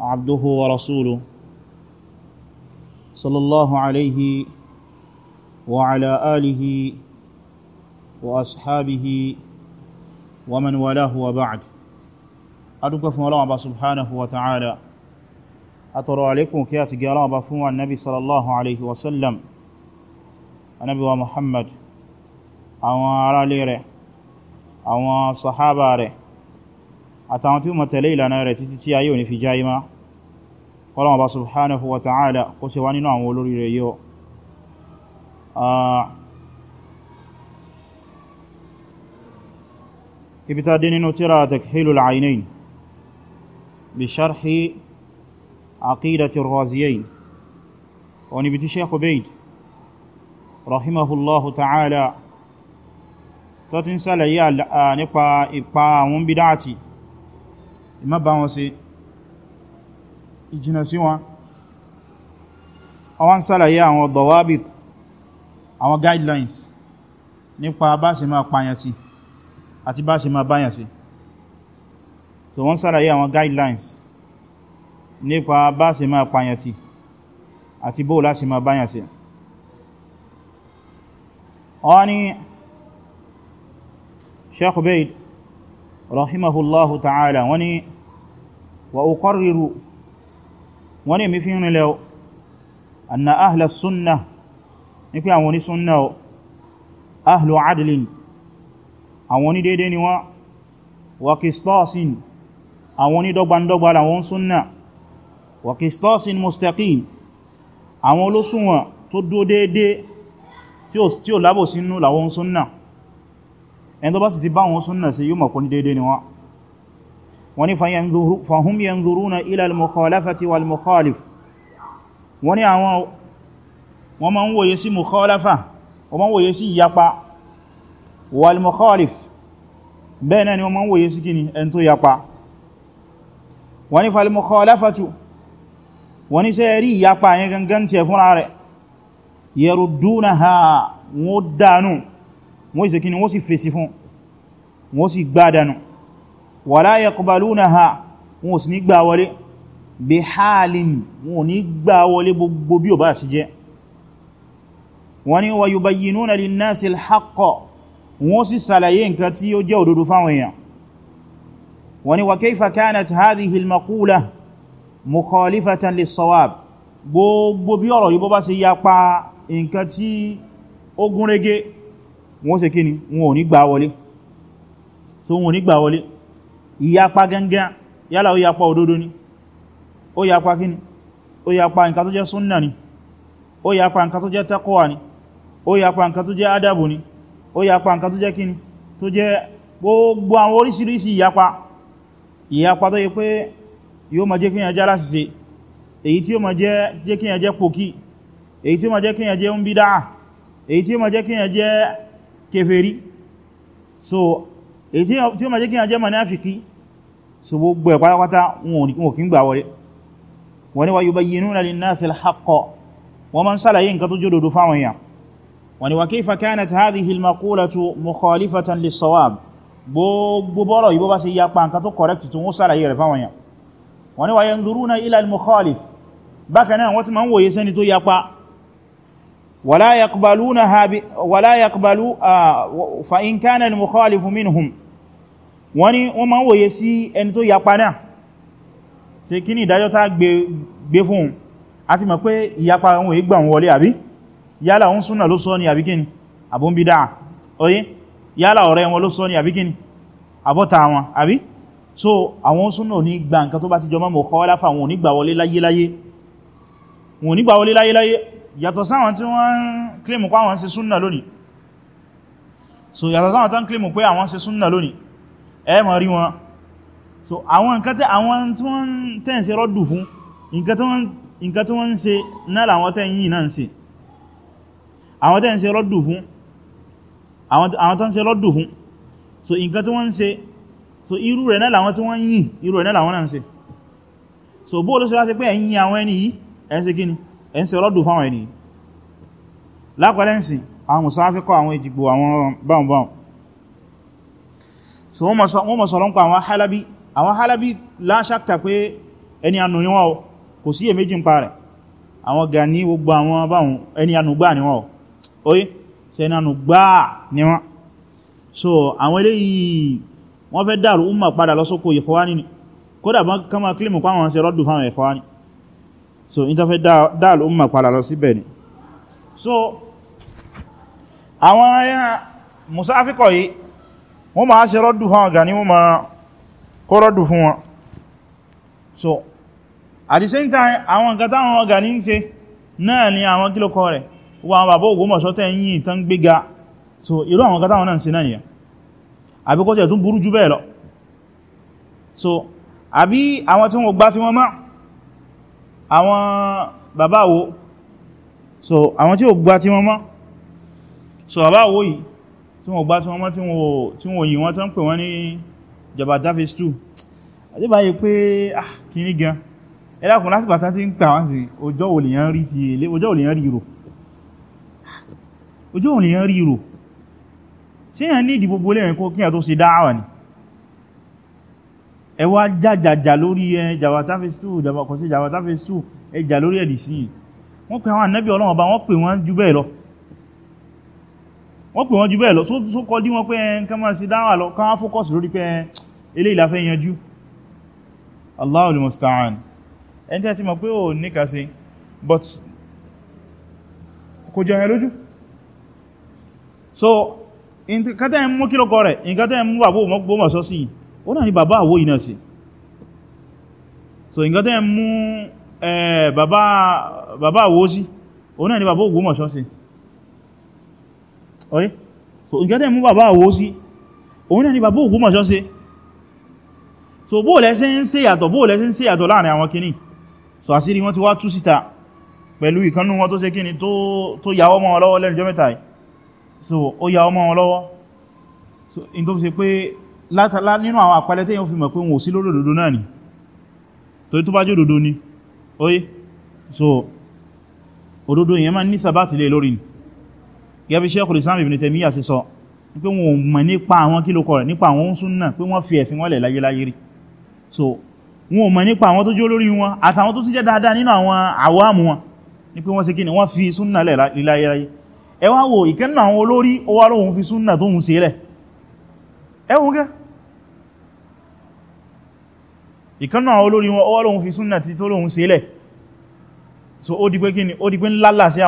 عبده ورسوله صلى الله عليه وعلى آله وأصحابه ومن ولاه وبعد أدوك فن الله سبحانه وتعالى أترى عليكم كيف قراب فن النبي صلى الله عليه وسلم النبي ومحمد أو على ليره أو صحابه àtàwọn tí ó máa tẹ̀lé ìlànà rẹ̀ títí tí ayé òní fi já imá ọlọ́wọ́n bá subhanahu wa ta'ala kó ṣe wá nínú àwọn olórí rẹ̀ yíò ibi ta dé nínú tíra takhilul aynayn bí sharhi aqidati raziyayn wọn ibi tí sheikh ubaid rahimahullahu ta'ala tó ti ń sálàyé nípa ipa àwọn bidáti ìmá bá wọn ṣe ìjìnà sí wọn àwọn sàlàyé àwọn dawabit àwọn guidelines nípa bá ṣe máa pàyàn sí àti bá ṣe máa báyàn sí so wọ́n sàlàyé àwọn guidelines nípa bá ṣe máa pàyàn sí àti bóò láṣe máa báyàn sí wọ́n ni sheikh ubaid rahimahullahu ta'ala wani wa uqarriru wani mi fi rinlẹ̀ o anna ahla sunna ní pé àwọn onísunna o ahlu adlin àwọn oní dédé ni wọ́n wa qistasin àwọn oní dọ́gbandọ́gba làwọn sunna wa qistasin mustaqim àwọn olóṣùwọ̀n tó dúó dédé tí ó lábò sínú làwọn sunna ẹni tó bá sì ti bá wọn súnnà sí yíò mọ̀kún dédé ni wọ́n wọ́n ni fahum yanzuruna ila al-mukhalafati wal mukhalif wọ́n ni àwọn wọ́n ma ń wòye sí mukhalafa wọ́n ma ń wòye sí yapa wal mukhalif bẹ́ẹ̀ náà ni wọ́n ma ń wòye sí kíni ẹni tó yapa wọ́n ni fal mukhalafatu wọ́n ni sẹ́ rí yapa yẹn gangan tẹ fúnra rẹ̀ yarudunaha wọ́n dánú wọ́n ìsẹ̀ kí ni wọ́n sì fèsì fún wọ́n sì gbádànù wala yaqbalunaha wọ́n sì ní gbà wọlé bí hálìn wọ́n ní gbà wọlé gbogbo bí ò bá sì jẹ́ wọ́n ni wa yubayyinuna linnasi al-haqqa wọ́n sì sàlàyé nǹkan tí ó jẹ́ òdodo fáwọn èèyàn wọ́n ni wa kayfa wọ́n ṣe kí ni wọn ò ní gbà wọlé so wọn ò ní gbà wọlé ìyapa gangan yálà ó yapa òdodo ni ó yapa kí ni ó yapa nǹkan tó jẹ́ súnnà ni ó yapa nǹkan tó jẹ́ taqwa ni ó yapa nǹkan tó jẹ́ adabu ni ó yapa nǹkan tó jẹ́ kí ni tó jẹ́ gbogbo àwọn oríṣiríṣi ìyapa ìyapa tó yẹ pé yóò máa jẹ́ kíyàn jẹ́ aláṣìṣe èyí tí ó máa jẹ́ kíyàn jẹ́ pòkí èyí tí ó máa jẹ́ kíyàn ń bídáà èyí tí ó máa jẹ́ kíyàn kèfèrí so èyí tí ó ma jẹ́ kí a jẹ́ manáfikí so gbogbo ẹ̀ pátápátá wọn kí ń gbà wọlé wọ́n ni wa yubayyinuna linnasi al-haqqa wọ́n ma ń sálàyé nǹkan tó jódòdó fáwọn èèyàn wọ́n ni wa kayfa kanat hadhihi al-maqulatu nǹkan tó correct tó fáwọn èèyàn wọ́n ni wa yanzuruna ila al ولا يقبلونها ب... ولا يقبلوا آه... فإن كان المخالف منهم wani wọ́n ma ń wòye sí ẹni tó yapa náà ṣe kí ní ìdájọ́ tá gbé fún a sì mọ̀ pé ìyapa wọn èé gbà wọn wọlé àbí yálà wọn súnà ló sọ ní àbí kíni àbúnbídá oyé yálà ọ̀rẹ́ wọn ló sọ ní àbí kíni àbọ́ta wọn àbí so àwọn súnà ní gbà nǹkan tó bá ti jọ mọ́ mọ̀ kọ́ láfà wọn ò ní gbà wọlé láyé láyé yàtọ̀ sáwọn tí wọ́n ń kílèmù pé àwọn ṣe súnnà lónìí so yàtọ̀ sáwọn tán kílèmù pé àwọn ṣe súnnà lónìí ẹ máa rí wọn so àwọn nǹkan tí àwọn tí wọ́n tẹ́ẹ̀ ṣe rọ́dù fún nǹkan tí wọ́n ń ṣe náà làwọn tẹ́ẹ̀ yìí náà ń ṣe àwọn tẹ́ẹ̀ ṣe rọ́dù fún àwọn tán ṣe rọ́dù fún so nǹkan tí wọ́n ń ṣe so irú rẹ̀ náà làwọn tí wọ́n yìn irú rẹ̀ náà làwọn náà ń ṣe so bóòlù sọ láti pé ẹ̀yìn àwọn ẹni yìí ẹ̀ ń ṣe kíni ẹ̀ ń ṣe ọlọ́dún fáwọn ẹni lápẹ́lẹ́nsì àwọn musáfíkọ́ àwọn ìjìgbò àwọn báunbáun so wọ́n mọ̀ sọ̀rọ̀ ń pa àwọn halabi àwọn halabi láṣàkà pé ẹni anù ni wọ́n kò sí èméjì ń pa rẹ̀ àwọn gani gbogbo àwọn báun ẹni anù gbà ni wọ́n oye ṣe ẹni anù gbà ni wọ́n so àwọn eléyìí wọ́n fẹ́ dàrú umma padà lọ́sọ́kọ̀ ìfọwání kódà bọ́n kán máa kílìmù pàwọn ṣe rọ́dù fáwọn ìfọwání so in ta fẹ́ dáàlù ó mọ̀ padà lọ síbẹ̀ ni so àwọn ayá musáfíkọ̀ yìí wọ́n ma ṣe rọ́dù fún ọ̀gá ní wọ́n ma kó rọ́dù fún wọn so at the same time àwọn nǹkan táwọn ọ̀gá ní ṣe náà ni àwọn kílòkọ rẹ̀ wọ́n àwọn bàbá Ògbómọ̀ṣọ́ tẹ́ yìí tán so irú àwọn nǹkan táwọn náà ń ṣe náà nìyẹn àbí so àbí àwọn tí wọ́n gbá àwọn bàbá wo so àwọn tí ó gbá tí wọ́n mọ́ so bàbá wo yìí tí wọ́n gbá tí wọ́n mọ́ tí wọ́n yìí wọ́n tán pè wọ́n ní jọba davis 2 àdébáyé pé ah kìíní gan ẹlákùn láti pàtà tí ń pè àwọn sí ọjọ́ òlèyàn rí ti èlé ọjọ́ òlèyàn rí rò ọjọ́ òlèyàn rí rò ṣé yàn ní ìdí gbogbo lẹ́yìn kó kíyàn tó ṣe dáwà ni ẹ wá jàjàjà lórí ẹ jàwátá phase two jàwákọ̀sí jàwátá phase two ẹ jà lórí ẹ̀dì sí wọ́n pè àwọn ànábì ọlọ́run ọba wọ́n pè wọ́n jù bẹ́ẹ̀ lọ wọ́n pè wọ́n jù bẹ́ẹ̀ lọ só kọ́ dí wọn pé ẹ ká máa sí dáwà lọ ká fókọ́sì lórí pé eléyìí la fẹ́ yanjú Allahu al-musta'an ẹni tí a ti mọ̀ pé ò ní kàṣe but kò jẹ́ lójú so kátẹ́ mú kílọ̀kọ rẹ̀ nǹkan tẹ́ mú àbò mọ́ gbọ́mọ̀ ó náà ni bàbá àwó yìí sí so nǹkan tẹ́ mú bàbá àwó sí ó náà ni bàbá Ògbómọ̀ṣọ́ sí ọ̀yẹ́ so nǹkan tẹ́ mú bàbá àwó sí ó náà ni bàbá Ògbómọ̀ṣọ́ sí so bóò lẹ́sẹ̀ ń ṣe yàtọ̀ bóò lẹ́sẹ̀ ń ṣe yàtọ̀ láàrin àwọn kìíní so àṣírí wọn ti wá tú síta pẹ̀lú ìkanú wọn tó ṣe kí ni tó yàwó mọ́ wọn lọ́wọ́ lẹ́nu jọ mẹ́ta so ó yàwó mọ́ wọn lọ́wọ́ so in tó fi ṣe pé látàlá nínú àwọn àpẹẹlẹ tí yíò fi mọ̀ pé wọn ò sí lórí òdodo náà ni torí tó bá jẹ́ òdodo ni oye so òdodo yẹn máa ní sàbátì lè e lórí ni gẹ́bí Sheikhul Islam Ibn Taymiyyah sí sọ pé wọn ò mọ̀ nípa àwọn kílòkọ rẹ̀ nípa àwọn súnnà pé wọ́n fi ẹ̀sìn wọ́n láyé láyé rí so wọn ò mọ̀ nípa àwọn tó jẹ́ olórí wọn àtàwọn tó tún jẹ́ dáadáa nínú àwọn àwámù wọn ni pé wọ́n ṣe kíni wọ́n fi súnnà lẹ̀ láyé láyé ẹ wá wo ìkẹ́nà àwọn olórí ó wá lóhun fi súnnà tóhun ṣe lẹ̀ ẹ̀wọ̀n gẹ́ ìkánná àwọn olórin wọn ọwọ́ lòun fi súnnà tí tó lòun sílẹ̀ so ó di pé kí ni ó di pé ńlálà sí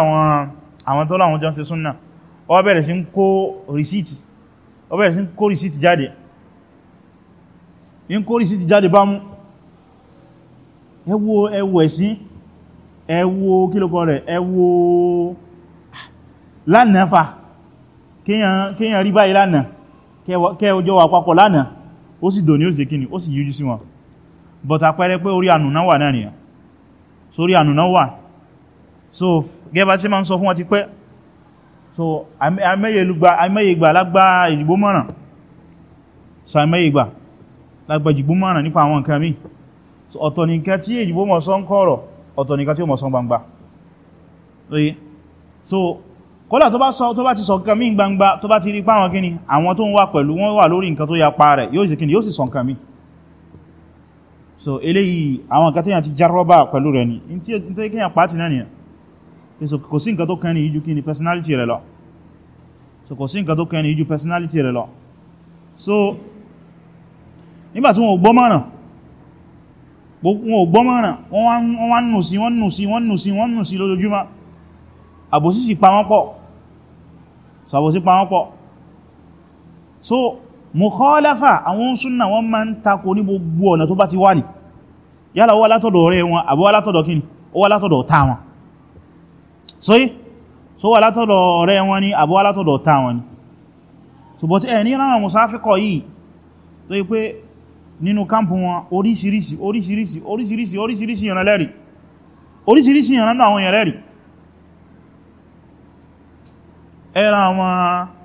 àwọn tó láwọn jọ́n ṣe súnnà ó bẹ̀rẹ̀ sí ń kó rìsíìtì ó bẹ̀rẹ̀ sí ń kó rìsíìtì jáde ń kó rìsíìtì jáde bá mú ẹ wo ẹ wo ẹ̀sìn ẹ wo kílòkọ rẹ̀ ẹ wo ah, lánàá fà kíyàn rí báyìí lánàá kẹ́ ọjọ́ wà papọ̀ lánàá ó sì dò ní ó sì kí ni ó sì yíjú sí wọn but àpẹẹrẹ pé orí ànùná wà náà nìyàn so orí ànùná wà so gẹ́bà tí ma ń sọ fún wọn ti pẹ́ so àmẹ́yẹgbà lágbà ìjìgbó mọ́ràn so àmẹ́yẹgbà lágbà ìjìgbó mọ́ràn nípa àwọn nǹkan míì so ọ̀tọ̀ nìkan tí ìjìgbó mọ̀ sọ ń so kódà tó bá ti sọ nǹkan míì gbangba tó bá ti rí pàwọn kíni àwọn tó ń wà pẹ̀lú wọn wà lórí nǹkan tó yapa rẹ̀ yóò sì sọ nǹkan so eléyìí àwọn nǹkan téèyàn ti jaroba pẹ̀lú rẹ̀ ni in tó yẹ kéèyàn pàtì náà ni, so kò sí nǹkan tó kàn ní ìjú kí ni personality rẹ̀ lọ so kò sí nǹkan tó kàn ní ìjú personality rẹ̀ lọ so nígbà tí wọn ò gbọ́ mọ̀ràn wọn ò gbọ́ mọ̀ràn wọ́n wá nù sí si nù sí wọ́n nù sí wọ́n nù sí lójoojúmọ́ àbòsí sì pa wọ́n pọ̀ so àbòsí pa wọ́n pọ̀ so mọ̀kọ́láfà àwọn súnnà wọ́n máa ń takò ní gbogbo ọ̀nà tó bá ti wà ní yálà wọ́n látọ̀dọ̀ ọ̀rẹ́ wọn àbí wọ́n látọ̀dọ̀ kíni wọ́n látọ̀dọ̀ ọ̀tá wọn so yí so wọ́n látọ̀dọ̀ ọ̀rẹ́ wọn ni àbí wọ́n látọ̀dọ̀ ọ̀tá wọn ni so but ẹ̀ ní ìrànwọ̀n musáfíkọ̀ yìí tó yí pé nínú kámpù wọn oríṣiríṣi oríṣiríṣi oríṣiríṣi oríṣiríṣi ìran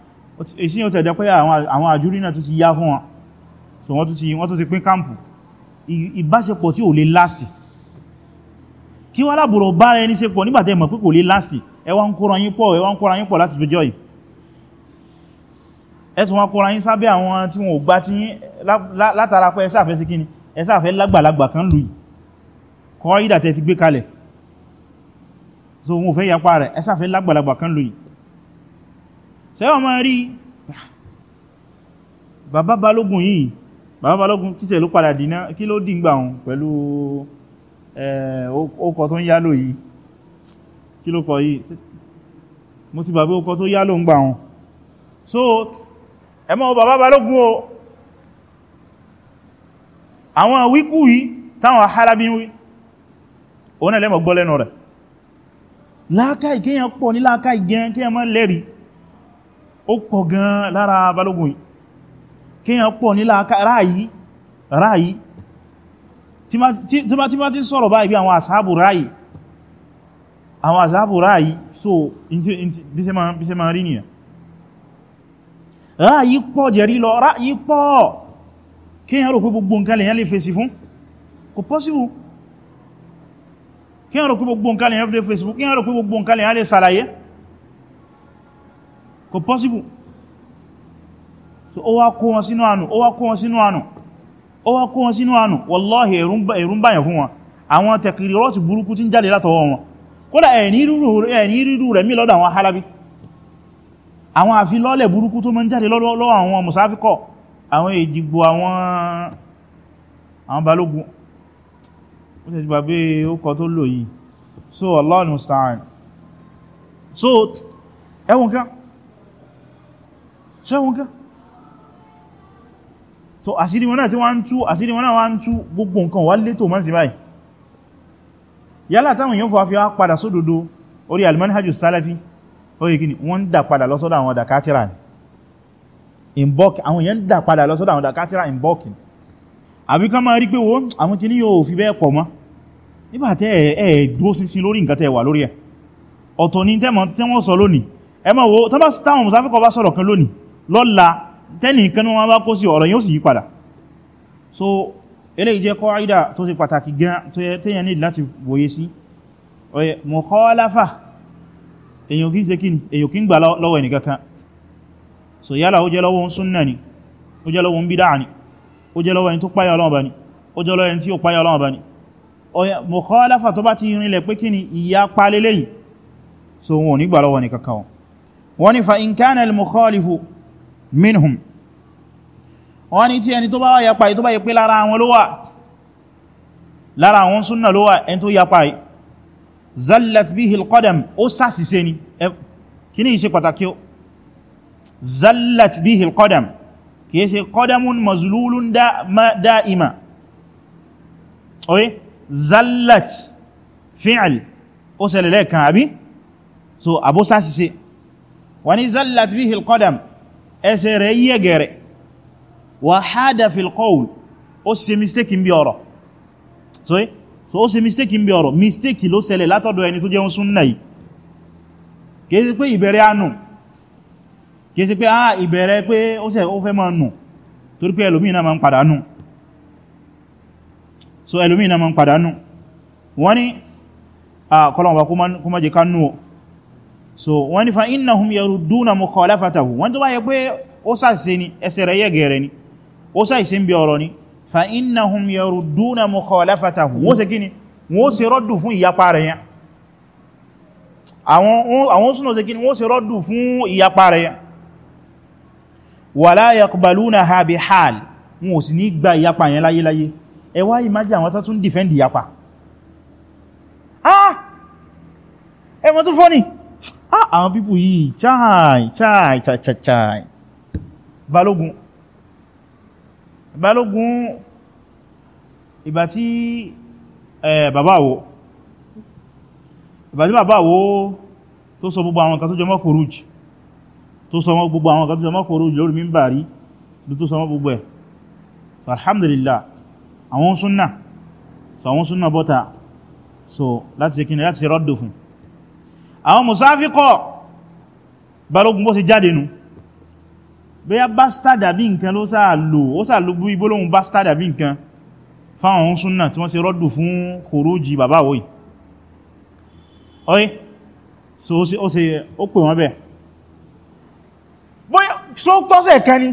èsí yóò tẹ̀jẹ́ pé àwọn àjúrí náà tó ti yá fún wọn so wọ́n tún ti wọ́n tún ti pín kámpù ìbáṣepọ̀ tí ò lè lástì kí wọ́n lábòrò bá rẹ ní sepọ̀ nígbàtẹ́ mọ̀ pé kò lè lástì ẹ wá ń kóra yín pọ̀ ẹ wá ń kóra yín pọ̀ láti jọjọ́ yìí ẹ tún wá kóra yín sábẹ́ àwọn tí wọn ò gbá tí látara pé ẹ sáfẹ́ sí kíni ẹ sáfẹ́ lágbàlagbà kan lù yìí kọ́ ìdàtẹ́ ti gbé kalẹ̀ so wọn ò fẹ́ yapa rẹ̀ ẹ sáfẹ́ lágbàlagbà kan yìí sẹ́wọ̀n máa rí bàbá balógun yìí bàbá balógun kíṣẹ̀ ló padà dìná kí ló dìngbà wọn pẹ̀lú ọkọ̀ tó ń yálò yìí kí ló kọ yìí mo ti bàbá ọkọ̀ tó yálò ń gbà wọn so ẹmọ́ bàbá balógun o àwọn wíkú yìí táwọn Halabi wí òun náà lẹ́mọ̀ gbọ́ lẹ́nu rẹ̀ láákàí kéèyàn pọ̀ ní láákàí gẹn kéèyàn má lẹ́rìí ó pọ̀ gan lára balógun yìí kíyàn pọ̀ nílá ráyí ráyí tí bá tí bá tí sọ̀rọ̀ báyìí bí àwọn àsáàbù ráyí àwọn àsáàbù ráyí so bí ṣe ma rí nìyàn ráyí pọ̀ jẹ̀rí lọ ráyí pọ̀ kíyàn rò pé gbogbo nǹkan lèyàn lè fèsì fún kò possible kíyàn rò pé gbogbo nǹkan lèyàn lè fèsì fún kíyàn rò pé gbogbo nǹkan lèyàn lè ṣàlàyé kò possible so ó wá kó wọn sínú àánú ó wá kó wọn sínú àánú ó wá kó wọn sínú àánú wallahi èrún báyàn fún wọn àwọn tẹ̀kìrì rọ́tù burúkú tí ń jáde látọwọ́ wọn kódà ẹ̀ní rírú rẹ̀ mí lọ́dọ̀ àwọn halabi àwọn àfilọ́lẹ̀ burúkú tó mọ́ ń jáde lọ́wọ́ àwọn musafikọ́ àwọn èjìgbò àwọn balógun ó tẹ́jú bàbé ó kọ tó lò yìí so Allah musta'an so ẹwùn kan ṣe wọn so àṣírí wọn náà tí wọ́n ń tú àṣírí wọn náà wá ń tú gbogbo nǹkan wà létò mọ́ sí báyìí yálà táwọn èèyàn fọ́fí wá padà sódodo orí almanhajjú salafi orí kìíní wọ́n ń dà padà lọ́sọ́dọ̀ àwọn dàkátírà ní in bulk àwọn èèyàn ń dà padà lọ́sọ́dọ̀ àwọn dàkátírà in bulk àbí ká máa rí pé wo àwọn kìíní yóò bá sọ̀rọ̀ kan lónìí lọ́la tẹ́nì ìkanú wọn bá kó sí ọ̀rọ̀ yóò sì yí padà so eléyìí jẹ́ qaida tó ṣe pàtàkì gan tó yẹ tẹ́yẹn ní láti wòye sí ọ̀yẹ mukhalafa èyàn kí ń so yálà ó jẹ́ lọ́wọ́ ń súnnà ni ó jẹ́ lọ́wọ́ ń bídá ni ó jẹ́ lọ́wọ́ ẹni tó páyà Ọlọ́run bá ni ó jẹ́ lọ́wọ́ ẹni so wọn ò ní gbà lọ́wọ́ ẹnìkankan wọn ni fa in kana al minhum wọ́n ní tí ẹni tó bá wá yapa tó bá yẹ pé lára àwọn ló wà lára àwọn súnnà ló wà ẹni tó yapa zallat bihi alqadam ó sàṣìṣe ni kí ní ìṣe pàtàkì ó zallat bihi alqadam kìí ṣe qadamun mazlulun da'ima zallat fi'l ó ṣẹlẹ̀ lẹ́ẹ̀kan àbí so àbó sàṣìṣe wọ́n ní zallat bihi alqadam ẹsẹ̀ rẹ̀ yí ẹgẹ̀rẹ̀ wà hádà fil qawl ó ṣe mistake bí ọ̀rọ̀ so ó ṣe mistake bí ọ̀rọ̀ mistake ló ṣẹlẹ̀ látọ̀dọ̀ ẹni tó jẹun súnnà yìí kìí pé ìbẹ̀rẹ̀ anù kìí pé ah ìbẹ̀rẹ̀ pé ó ṣe ó fẹ́ máa nù torí pé ẹlòmí náà máa ń padà nù so ẹlòmí náà máa ń padà nù wọ́n ni ah so wọ́n ní fa innahum yarudduna mukhalafatahu wọ́n tó bá yẹ pé ó sàṣe ni ẹsẹ̀ rẹ̀ yẹ gẹ̀rẹ̀ ni ó sàṣe ń bí ọ̀rọ̀ ni fa innahum yarudduna mukhalafatahu wọ́n ṣe kí ni wọ́n ṣe rọ́dù fún ìyapa rẹ̀ yẹn àwọn súnà ṣe kí wọ́n ṣe rọ́dù fún ìyapa Ah, àwọn pípù yìí chai chai chai chai chai balógun balógun ìgbà tí bàbáwo ìgbà tí bàbáwo tó sọ gbogbo àwọn kan tó jẹ mọ́ kòrúj tó sọ mọ́ gbogbo àwọn kan tó jẹ mọ́ kòrúj lórí mímbàrí tó sọ mọ́ gbogbo ẹ̀ alhamdulillah àwọn súnnà so àwọn súnnà bọ́ta so láti ṣe kí ni láti ṣe rọ́dọ̀ fún àwọn musáfíkọ̀ balógun bó ṣe jáde nù bóyá bastard àbí nǹkan ló sáà lò ó sáà lò bí gbólóhùn bastard àbí nǹkan fáwọn ohun súnnà tí wọ́n ṣe rọ́dù fún kòrójì bàbá wòyí ọ̀yẹ́ so ó ṣe ó pè wọ́n bẹ̀ bóyá so tọ́sẹ̀ kan ni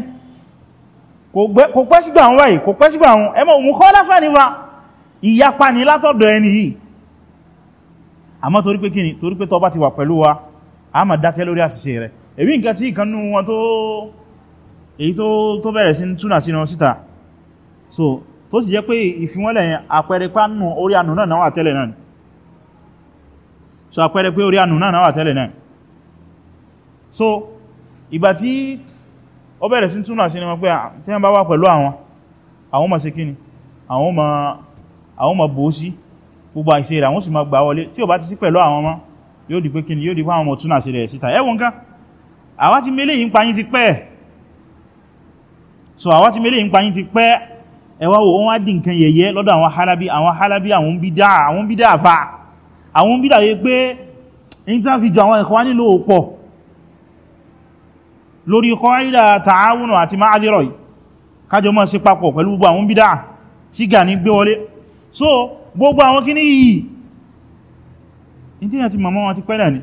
kò pẹ́ sígbà wọn báyìí kò pẹ́ sígbà wọn ẹmọ òmùkọ́láfà nípa ìyapa ni látọ̀dọ̀ ẹni yìí àmọ́ torí pé kíni torí pé tó ti wà pẹ̀lú wa a máa dákẹ́ lórí àṣìṣe rẹ̀ èyí nǹkan tí ìkanú wọn tó èyí tó bẹ̀rẹ̀ sí túnà sínú síta so tó sì jẹ́ pé ìfiwọ́lẹ̀ yẹn àpẹẹrẹ pé nù orí ànù náà wà tẹ́lẹ̀ náà so àpẹẹrẹ pé orí ànù náà so ìgbà tí ó bẹ̀rẹ̀ sí túnà sínú pé tí wọ́n bá wà pẹ̀lú àwọn àwọn máa ṣe kíni àwọn máa bòó sí gbogbo àìsí rẹ̀ àwọn sì máa gbà wọlé tí ó bá ti sí pẹ̀lú àwọn ọmọ yóò di pé kí ni yóò di àwọn ọmọ túnà sí rẹ̀ síta ẹwọ nǹkan àwa ti mélé yìí ń payín so àwa ti mélé yìí ń payín ti pẹ́ ẹwà wo wọ́n wá dì nǹkan yẹ̀yẹ́ lọ́dọ̀ àwọn halabi àwọn halabi àwọn bídá àwọn bídá àfà àwọn bídá yẹ pé ní tán fi jọ àwọn ẹ̀kọ́ nílò pọ̀ lórí kọ́ ìdá tààwùnà àti máàdìrọ̀ yìí kájọ so gbogbo àwọn kíní yìí ìdíyàn ti màmá wọn ti pẹ́lẹ̀ ni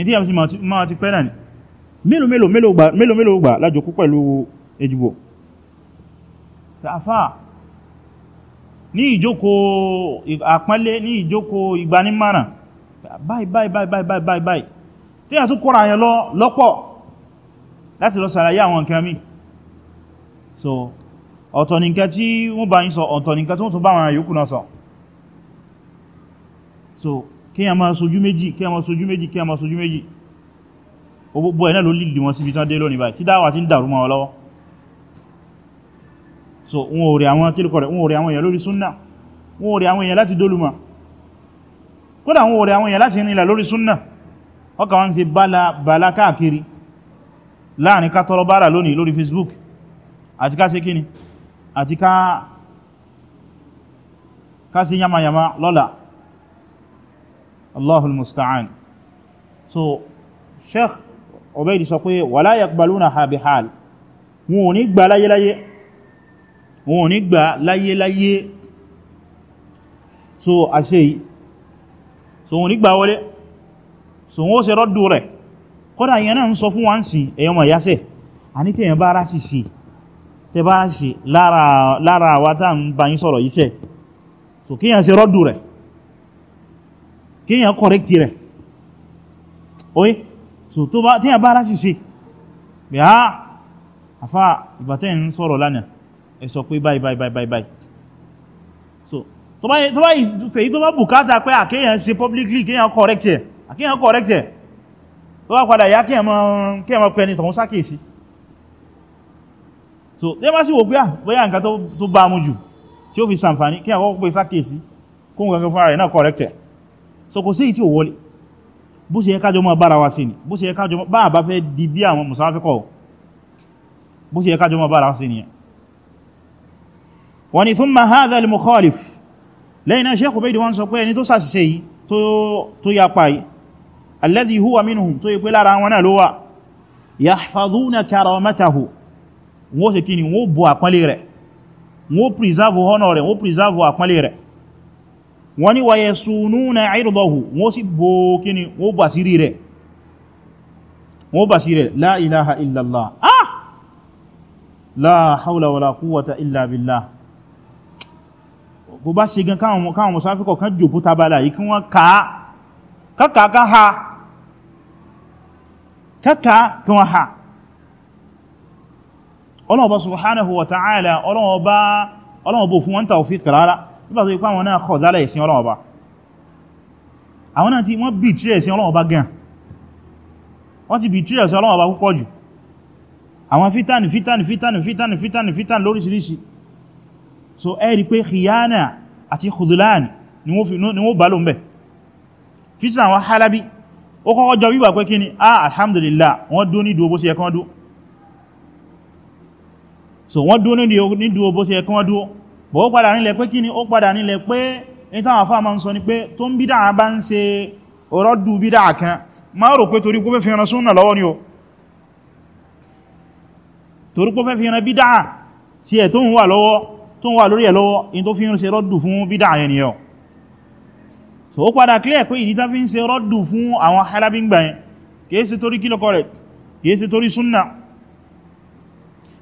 ìdíyàn ti màmá wọn ti pẹ́lẹ̀ ni mélòó mélòó mélòó gbà mélòó mélòó gbà lájòkú pẹ̀lú Ejigbo tàfà ní ìjókòó àpọ́nlé ní ìjókòó ìgbanímọ̀ràn báyìí báyìí báyìí báyìí báyìí báyìí tí a tún kọ́ra yẹn lọ lọ́pọ̀ láti lọ sàlàyé àwọn nǹkan mi so ọ̀tọ̀ nìkan tí wọ́n bá yín sọ ọ̀tọ̀ nìkan tí wọ́n tún bá wọn yòókù náà sọ so kí a máa sojú méjì kí a máa sojú méjì kí a máa sojú méjì gbogbo ẹ̀ ló lìlì wọn síbi tán dé lónìí báyìí tí dáwà ti ń dàrú mọ́ lọ́wọ́ so wọn ò rí àwọn kílùkọ̀ rẹ̀ wọn ò rí àwọn èèyàn lórí súnnà wọn ò rí àwọn èèyàn láti dólùmọ̀ kódà wọn ò rí àwọn èèyàn láti rìnlẹ̀ lórí súnnà ọkà wọn ṣe bala káàkiri láàrin ká bára lónìí lórí Facebook àti ká ṣe kíni àti ká ká sí yamayama lọ́la allahul musta'an so sheikh obaidi sọ pé wala yaqbalunaha bihal wọn ò ní gbà láyéláyé wọn ò ní gbà láyéláyé so àṣẹ yìí so wọn ò ní gbà wọlé so wọ́n ó ṣe rọ́dù rẹ̀ kọ́dà ìyẹn náà ń sọ fún wa ń sìn yásẹ̀ àní bá rásì sí i tẹ bá ṣe lára àwa tá ń bá yín sọ̀rọ̀ iṣẹ́ so kíyàn ṣe rọ́dù rẹ̀ kíyàn kọ̀rẹ́kì rẹ̀ oye so tó bá tíyàn bá rásì sí bí á àfá ìbátẹ́ ń sọ̀rọ̀ lánàá ẹ sọ pé báyìí báyìí báyìí báyìí so tó bá èyí tó bá bùkátà pé àkíyàn ṣe publicly kíyàn kọ̀rẹ́kì rẹ̀ àkíyàn kọ̀rẹ́kì rẹ̀ tó bá padà yá kíyàn mọ́ pẹ́ni tọ̀hún sákèsí so tí bá sì wò pé àbẹ́yà nǹkan tó bá mú jù tí ó fi sàǹfàní kí àkọ́kọ́ pé sákèsí kó gangan fún ara náà corrected so kò sí ìtí ò wọlé bó ṣe yẹ kájọ mọ́ bára wa sí ni bó ṣe yẹ kájọ mọ́ bá àbá fẹ́ di bí àwọn musáfíkọ̀ bó ṣe yẹ kájọ mọ́ bára wa sí ni wọ́n ni thumma hadha al-mukhalif lẹ́yìn náà Sheikh Ubayd wọ́n sọ pé ẹni tó sàṣìṣe yìí tó yapa yìí alladhi huwa minhum tó yí pé lára wọn náà ló wà yahfadhuna karamatahu wọ́n ṣe kí ni wọ́n bò àpọ́nlé rẹ̀ wọ́n preserve honor rẹ̀ wọ́n preserve àpọ́nlé rẹ̀ wọ́n ni wáyé sunúnà àìrọ̀lọ́hù wọ́n sì bò kí ni wọ́n bà sí rẹ̀ wọ́n bà sí rẹ̀ la ilaha illallah ah! kan ha ọlọ́ọ̀bá subhanahu wa ta'ala ọlọ́ọ̀bá fún wọn tawfiq rárá nígbà tó ipá wọn náà kọ̀ dálẹ̀ ìsìn ọlọ́ọ̀bá àwọn náà tí wọ́n bí tí ẹ̀sìn ọlọ́ọ̀bá gan wọ́n ti bí tí ẹ̀sìn ọlọ́ọ̀bá púpọ̀ jù àwọn fítàní fítàní fítàní fítàní fítàní fítàní lóríṣìíríṣìí so ẹ rí pé khiyana àti khudlan ni wọ́n bá ló ń bẹ̀ fítàní so wọ́n dúó ní dúó bó ṣe ẹkùn wọ́n dúó bọ̀ ó padà nílẹ̀ pé kí ni ó padà nílẹ̀ pé ní táwọn afá ma ń sọ ni pé tó ń bídá bá ń ṣe rọ́dù bídá kan ma rò pé torí kó fẹ́ fi ẹran súnnà lọ́wọ́ ni o torí kó fẹ́ fi ẹran bídá tí ẹ̀ tó ń wà lọ́wọ́ tó ń wà lórí ẹ̀ lọ́wọ́ in tó fi ń ṣe rọ́dù fún bídá yẹn nìyẹn so ó padà clear pé ìdí tá fi ń ṣe rọ́dù fún àwọn halabi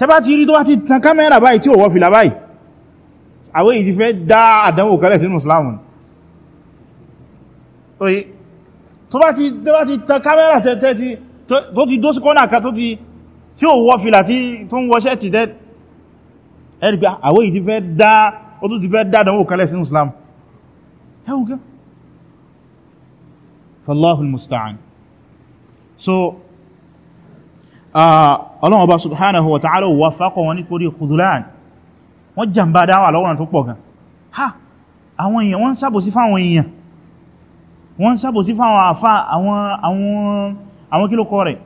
tẹbá ti rí tó bá ti tan kámẹ́rà báyìí tí ó wọ́ fìlà báyìí àwẹ́ ìdí fẹ́ dá àdánwò kẹlẹ̀ sínú islamun oye tó bá ti tẹbá ti tan kámẹ́rà tẹ́tẹ́ ti tó ti dó sí kọ́nà ká tó ti tí ó wọ́ fìlà tí tó ń wọ́ṣẹ́ ti tẹ́ ẹ̀rìgbà àwẹ́ ìdí fẹ́ dá ó tó ti fẹ́ dá àdánwò kẹlẹ̀ sínú islam Fallahul musta'an so Ah, ọlọ́run ọba subhanahu wa ta'ala wà fákọ̀ wọn nítorí kùdùláàn wọ́n jàmbá dáwà lọ́wọ́n tó pọ̀ gan ha àwọn èèyàn wọ́n sábòsí fáwọn èèyàn wọ́n sábòsí fáwọn àfá àwọn kílòkọ rẹ̀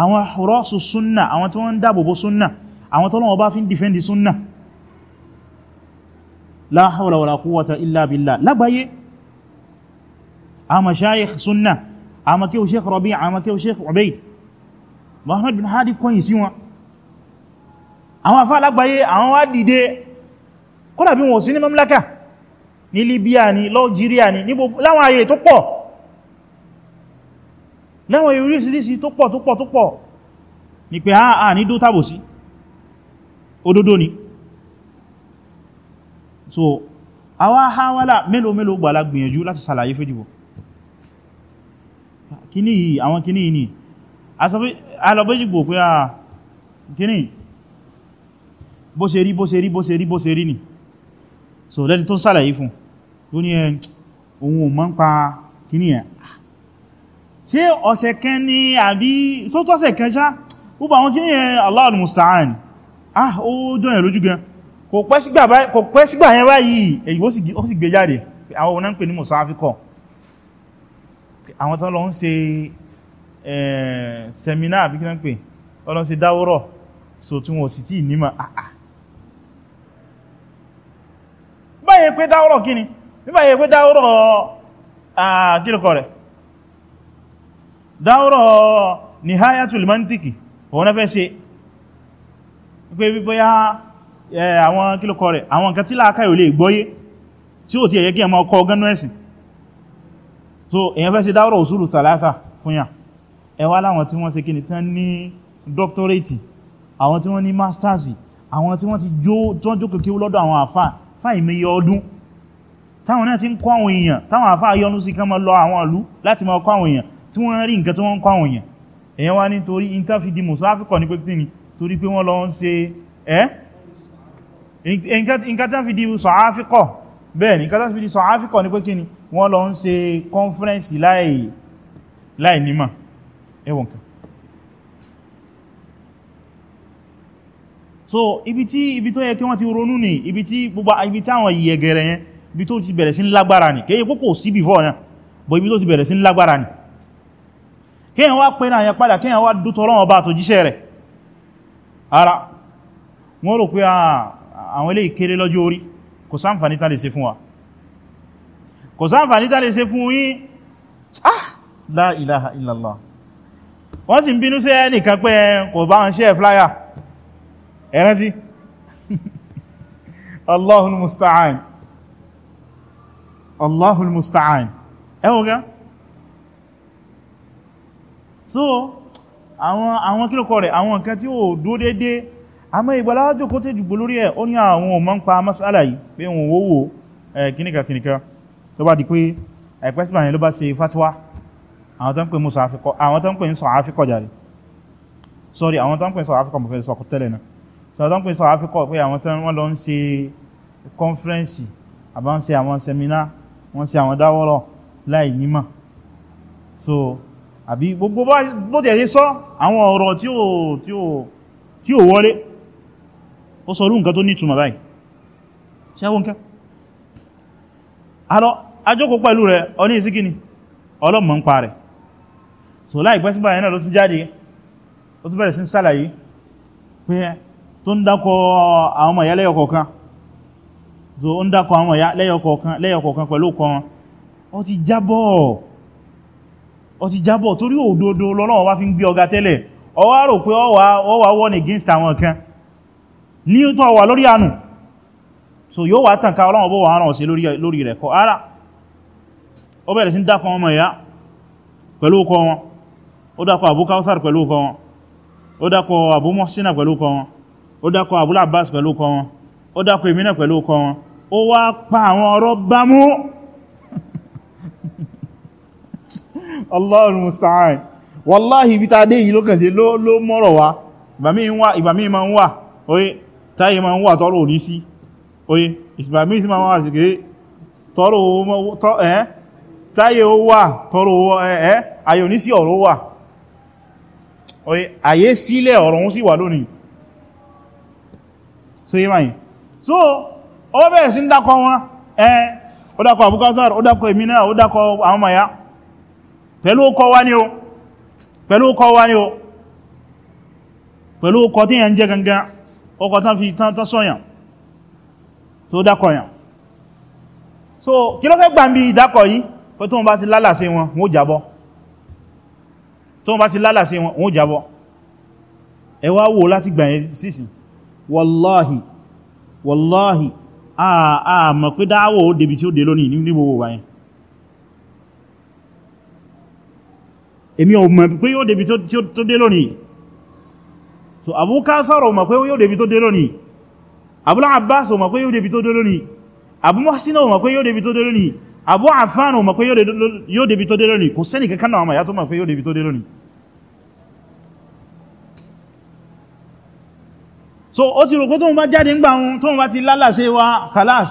àwọn hurasu súnnà àwọn tí wọ́n ń dáàbòbò súnnà àwọn tọ́lọ́run ọba fi ń dìfẹ́ndì súnnà la hawla wala quwwata illa billah lágbàáyé àwọn mashayikh súnnà Muhammad bin Hadi kọ́yìn sí wọn àwọn afá alágbàáyé àwọn wá dìde kódà bí wọ́n sí ní mamlaka ní Libya ní Nigeria ní láwọn ayé tó pọ̀ láwọn ayé orísìírísìí tó pọ̀ tó pọ̀ tó pọ̀ ah, ah, ní pé àà ní dótàbò sí òdodo ni so àwa hawala mélòó mélòó gbà la gbìyànjú láti sàlàyé fẹ́jìbò kíní yìí àwọn kíní yìí alọ́bẹ́jìgbò pé a gíní bó ṣe rí bó ṣe rí bó ṣe rí bó ṣe rí ni so lẹ́ni tó ń sàlàyé fún tó ní ohun ò mọ́ ń pa kíní ẹ̀ ṣe ọ̀sẹ̀ kan ní àbí sótọ́sẹ̀ kan ṣá gbogbo àwọn kíní ẹ̀ Allahu al-musta'an ah ó jọyàn lójú gan kò pẹ́ sígbà yẹn báyìí èyí ó sì gbé jáde àwọn onáńpẹ̀ ní mùsáfíkọ̀ àwọn tán lọ sẹ̀mínà àbí kí náà pè ọlọ́n sí dáwọ́rọ̀ so tí wọ́n sì tí nímọ̀ àà ah, ah. báyẹ̀ pé dáwọ́rọ̀ kí ni báyẹ̀ pé dáwọ́rọ̀ àkílùkọ ah, rẹ̀ dáwọ́rọ̀ nihayatul mantiki wọ́n fẹ́ ṣe pé wípóyá àwọn kílùkọ rẹ̀ àwọn nǹkan tí láàkáyò lè gbọ́yé tí ó ti ẹ̀yẹ́ kí ẹmọ ọkọ̀ ọgán náà ẹ̀sìn so èyàn fẹ́ ṣe dáwọ́rọ̀ usulu thalatha fún yàn ẹwà láwọn tí wọ́n ṣe kí ni tán ní doctorate àwọn tí wọ́n ní masters àwọn tí wọ́n ti jókè kí lọ́dọ̀ àwọn àfà fáìmẹ́yẹ ọdún táwọn náà ti ń kọ́ àwọn èèyàn táwọn àfà yọnú sí kán mọ́ lọ àwọn ìlú láti mọ́ kọ́ àwọn èèyàn tí wọ́n rí nǹkan tí wọ́n kọ́ àwọn èèyàn èèyàn wá ní torí interfidi musafikọ̀ ní pẹ́kítì ni torí pé wọ́n lọ ń ṣe ẹ́ nǹkan tí fìdí sọ̀áfíkọ̀ bẹ́ẹ̀ ni nǹkan tí fìdí ní pẹ́kítì ni wọ́n lọ ń ṣe conference láì nímọ̀ ẹwọ̀n kan so ibi tí ibi tó yẹ kí wọ́n ti ronú ní ibi tí gbogbo ibi tí àwọn yẹgẹrẹ yẹn ibi tó ti bẹ̀rẹ̀ sí lágbára ní kéyẹ kókò sí before náà bọ̀ ibi tó ti bẹ̀rẹ̀ sí lágbára ní kéyàn wá pẹ́ náà padà kéyàn wá dútọ́ lọ́wọ́ bá ara wọ́n rò pé ah, àwọn ilé ìkéré lọ́jọ́ orí kò sáǹfàní tá ah, la ilaha illallah wọ́n sì ń bínú sí ẹnìkan pé kò bá wọn ṣe flyer ẹ̀rántí allahul musta'an allahul ẹwọ́n gá so àwọn àwọn kílòkọ rẹ̀ àwọn nǹkan tí ó dó dédé àmọ́ ìgbàláwájò kó tẹ́jùgbò lórí ẹ̀ ó ní àwọn ò ń pa masala yìí pé tó bá di pé ẹ̀pẹ́sìmà yẹn ló bá àwọn tó ń pè musa àfikọ́ àwọn tó ń pè ń sọ àfikọ́ jàre sorry àwọn tó ń pè sọ àfikọ́ mọ̀ fẹ́ sọ tẹ́lẹ̀ náà so àwọn tó ń pè sọ àfikọ́ pé àwọn tó wọ́n lọ ń ṣe kọ́nfẹ́rẹ́nsì àbá àwọn sẹmínà wọ́n ṣe àwọn dáwọ́rọ̀ láì nímọ̀ so àbí gbogbo bó tẹ̀ sí sọ àwọn ọ̀rọ̀ tí ó wọlé ó sọ rú nǹkan tó nítumọ̀ báyìí ṣẹ́wọ́n kẹ́ alọ́ ajókòó pẹ̀lú rẹ̀ ọ ní ọlọ́mọ̀ ń pa rẹ̀ so láìpẹ́ sígbà yẹn náà ló tún jáde ó tún bẹ̀rẹ̀ sí sàlàyé pé tó ń dákọ àwọn ọmọ ìyá lẹ́yọkọ̀ọ̀kan so ó ń dákọ àwọn ìyá lẹ́yọkọ̀ọ̀kan lẹ́yọkọ̀ọ̀kan pẹ̀lú kan ó ti jábọ̀ ó ti jábọ̀ torí òdodo lọ́lọ́wọ́ wá fi ń gbé ọ̀gá tẹ́lẹ̀ against àwọn kan ní tó wà lórí àánú so yóò wá tàn ká ọlọ́wọ́ bó wà rán ọ̀sẹ̀ lórí rẹ̀ kọ ara ó bẹ̀rẹ̀ pẹ̀lú ọkọ wọn ó dákọ̀ Abu Kawthar pẹ̀lú ọkọ̀ wọn ó dákọ̀ Abu Muhsina pẹ̀lú ọkọ̀ wọn ó dákọ̀ Abul Abbas pẹ̀lú ọkọ̀ wọn ó dákọ̀ èmìnà pẹ̀lú ọkọ̀ wọn ó wá pa àwọn ọ̀rọ̀ bámú Allahul musta'an wallahi ibi ta dé yìí lókàndé ló mọ́rọ̀ wá ìbàmí ma ń wà oye táyé ma ń wà tọ́rọ òní sí oye ìsìbàmí sí ma wà sí kéré tọ́rọ ayò ní sí ọ̀rọ̀ wà oye ayé sílẹ̀ ọ̀rọ̀ wọn sí wà lónìí so yí báyìí so ó bẹ̀rẹ̀ sí ń dákọ wọn ẹ ó dákọ abúkátàr ó dákọ èmi náà ó dákọ àwọn maya pẹ̀lú ọkọ̀ wá ní o pẹ̀lú ọkọ̀ wá ní o pẹ̀lú ọkọ̀ tí yẹn ń jẹ gangan ọkọ̀ tán so dákọ yàn so kí ló fẹ́ gbà ń bí ìdákọ̀ yìí tó wọ́n bá ti lálà sí wọn jábọ́ ẹ wá wò láti gbà yẹn sísìn wallahi wallahi a mọ̀ pé dáwọ̀ ó débi tí ó dé lónìí ní gbogbo wáyẹn èmi ò mọ̀ pé yóò débi tó dé lónìí so abúká sọ́rọ̀ mọ̀ pé yóò débi tó dé lónìí abúlá abbas ò mọ̀ pé yóò débi tó dé lónìí abúmọ́sínà mọ̀ pé yóò débi tó dé lónìí Abu Affan mọ̀ pé yóò débi tó dé lónìí kò sẹ́nì kankan náà ya tó mọ̀ pé yóò débi tó dé lónìí so ó ti rò pé tóun bá jáde ń gbà ohun tóun bá ti lálàsẹ́ wa khalas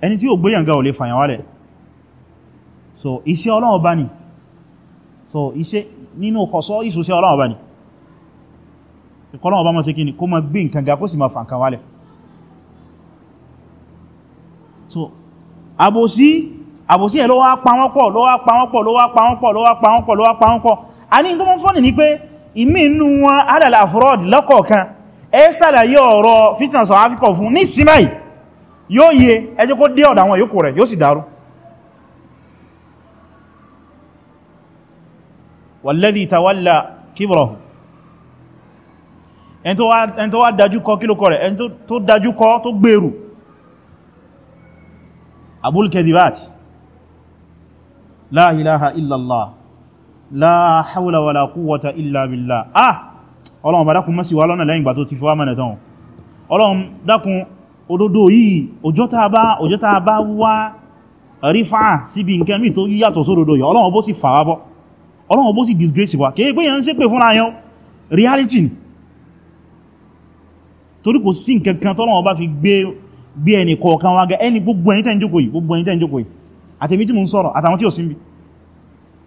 ẹni tí ó gbéyànga ò lè fàyàn wálẹ̀ so iṣẹ́ Ọlọ́run bá so iṣẹ́ nínú ọ̀sọ́ ìṣòṣẹ́ Ọlọ́run bá ní ìkọlọ́run bá mọ́ sí kí ni so àbòsí àbòsí ẹ̀ ló wá pa wọ́n pọ̀ ló wá pa wọ́n pọ̀ ló wá pa wọ́n pọ̀ ló wá pa wọ́n pọ̀ ló wá pa wọ́n pọ̀ a ní tó mọ́ fọ́nì ní pé ìmí inú wọn adàlà àfúrọ́dì lọ́kọ̀ọ̀kan ẹ sàlàyé ọ̀rọ̀ fitness of Africa fún ní símáì yóò yẹ ẹ jẹ́ kó dé ọ̀dà wọn yóò rẹ̀ yóò sì dàrú walladhi tawalla kibrahu ẹni tó wá dájú kọ kílòkọ rẹ̀ ẹni tó dájú kọ tó gbèrú abul kadibat la ilaha illallah la hawla wala quwwata illa billah ah ọlọ́run bá dákun mọ́sí wa lọ́nà lẹ́yìn gbà tó ti fi wá mẹ́nà tán ọlọ́run dákun òdodo yìí ọjọ́ tá bá ọjọ́ tá bá wá rífà síbi nǹkan mí tó yíyàtọ̀ sódodo yìí ọlọ́run disgrace wa kéé pé yẹn ń ṣépè reality ni torí kò sí nǹkan kan tọ́lọ́run bá gbé ẹni kọ̀ọ̀kan wá ga ẹni gbogbo ẹni tẹ́ ń jókòó yìí gbogbo ẹni tẹ́ ń jókòó yìí àtẹ̀mí tí mo ń sọ̀rọ̀ àtàwọn tí ò sí ń bí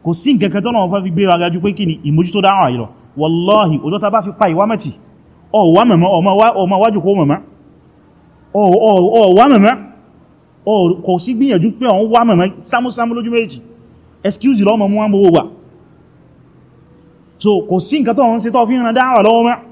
kò sí nǹkan kan tọ́nà ọ̀fẹ́ fi gbé wa ga ju pé kí ni ìmójútó dáhùn àyè lọ wallahi ọjọ́ ta bá fi pa ìwá mẹ́tì ọ̀wá mẹ́mọ́ ọmọ wájú kó mẹ́mọ́ ọ̀wá mẹ́mọ́ kò sí gbìyànjú pé ọ̀n wá mẹ́mọ́ sámúsámú lójú méjì excuse lọ́mọ mú wọn gbogbo wà so kò sí nǹkan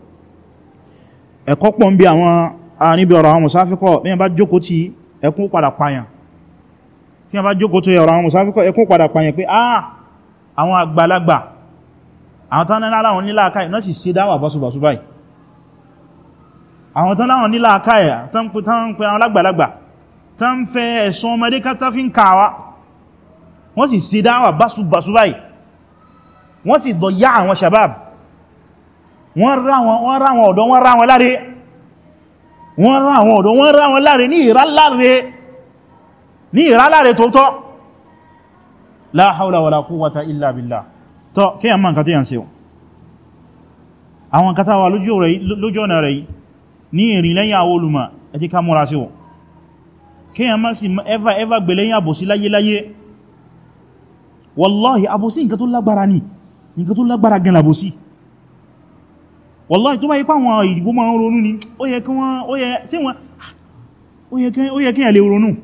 ẹ̀kọ́ pọ̀ ń bí àwọn níbi ọ̀rọ̀ àwọn musáfíkọ̀ bí wọ́n bá jókòó tí ẹkún padà pààyàn tí wọ́n bá jókòó tó ọ̀rọ̀ àwọn musáfíkọ̀ ẹkún padà pààyàn pé ah àwọn àgbàlagbà àwọn tán náà láwọn nílá akáyẹ̀ náà sì ṣe dáwà bọ́sùbọ̀sù báyìí àwọn tán láwọn nílá akáyẹ̀ tán pẹ àwọn lágbàlagbà tán fẹ́ ẹ̀sùn ọmọdé kátá fi ń wọ́n sì ṣe dáwà àwọn shabab wọ́n ráwọn ọ̀dọ́ wọ́n ráwọn láre wọ́n ráwọn ọ̀dọ́ wọ́n ráwọn láre ní ìráláre tó tọ́ la hawla wala quwwata illa billah tọ́ kí yàn máa kàtíyàn sí àwọn kàtàwà lójú ọ̀nà rẹ̀ ní ìrìn lẹ́yìn àwọn olùmọ̀ ẹjí ká múra sí kí yàn máa sì ẹfà ẹfà gbẹ̀lẹ́yìn àbòsí láyé láyé wallahi àbòsí nǹkan tó lágbára ní nǹkan tó lágbára gan àbòsí wọ́láì tó bá yí páwọn ìdìbò máa ń ronú ni ó yẹ kí wọ́n ó yẹ kí ẹ̀ lè ronú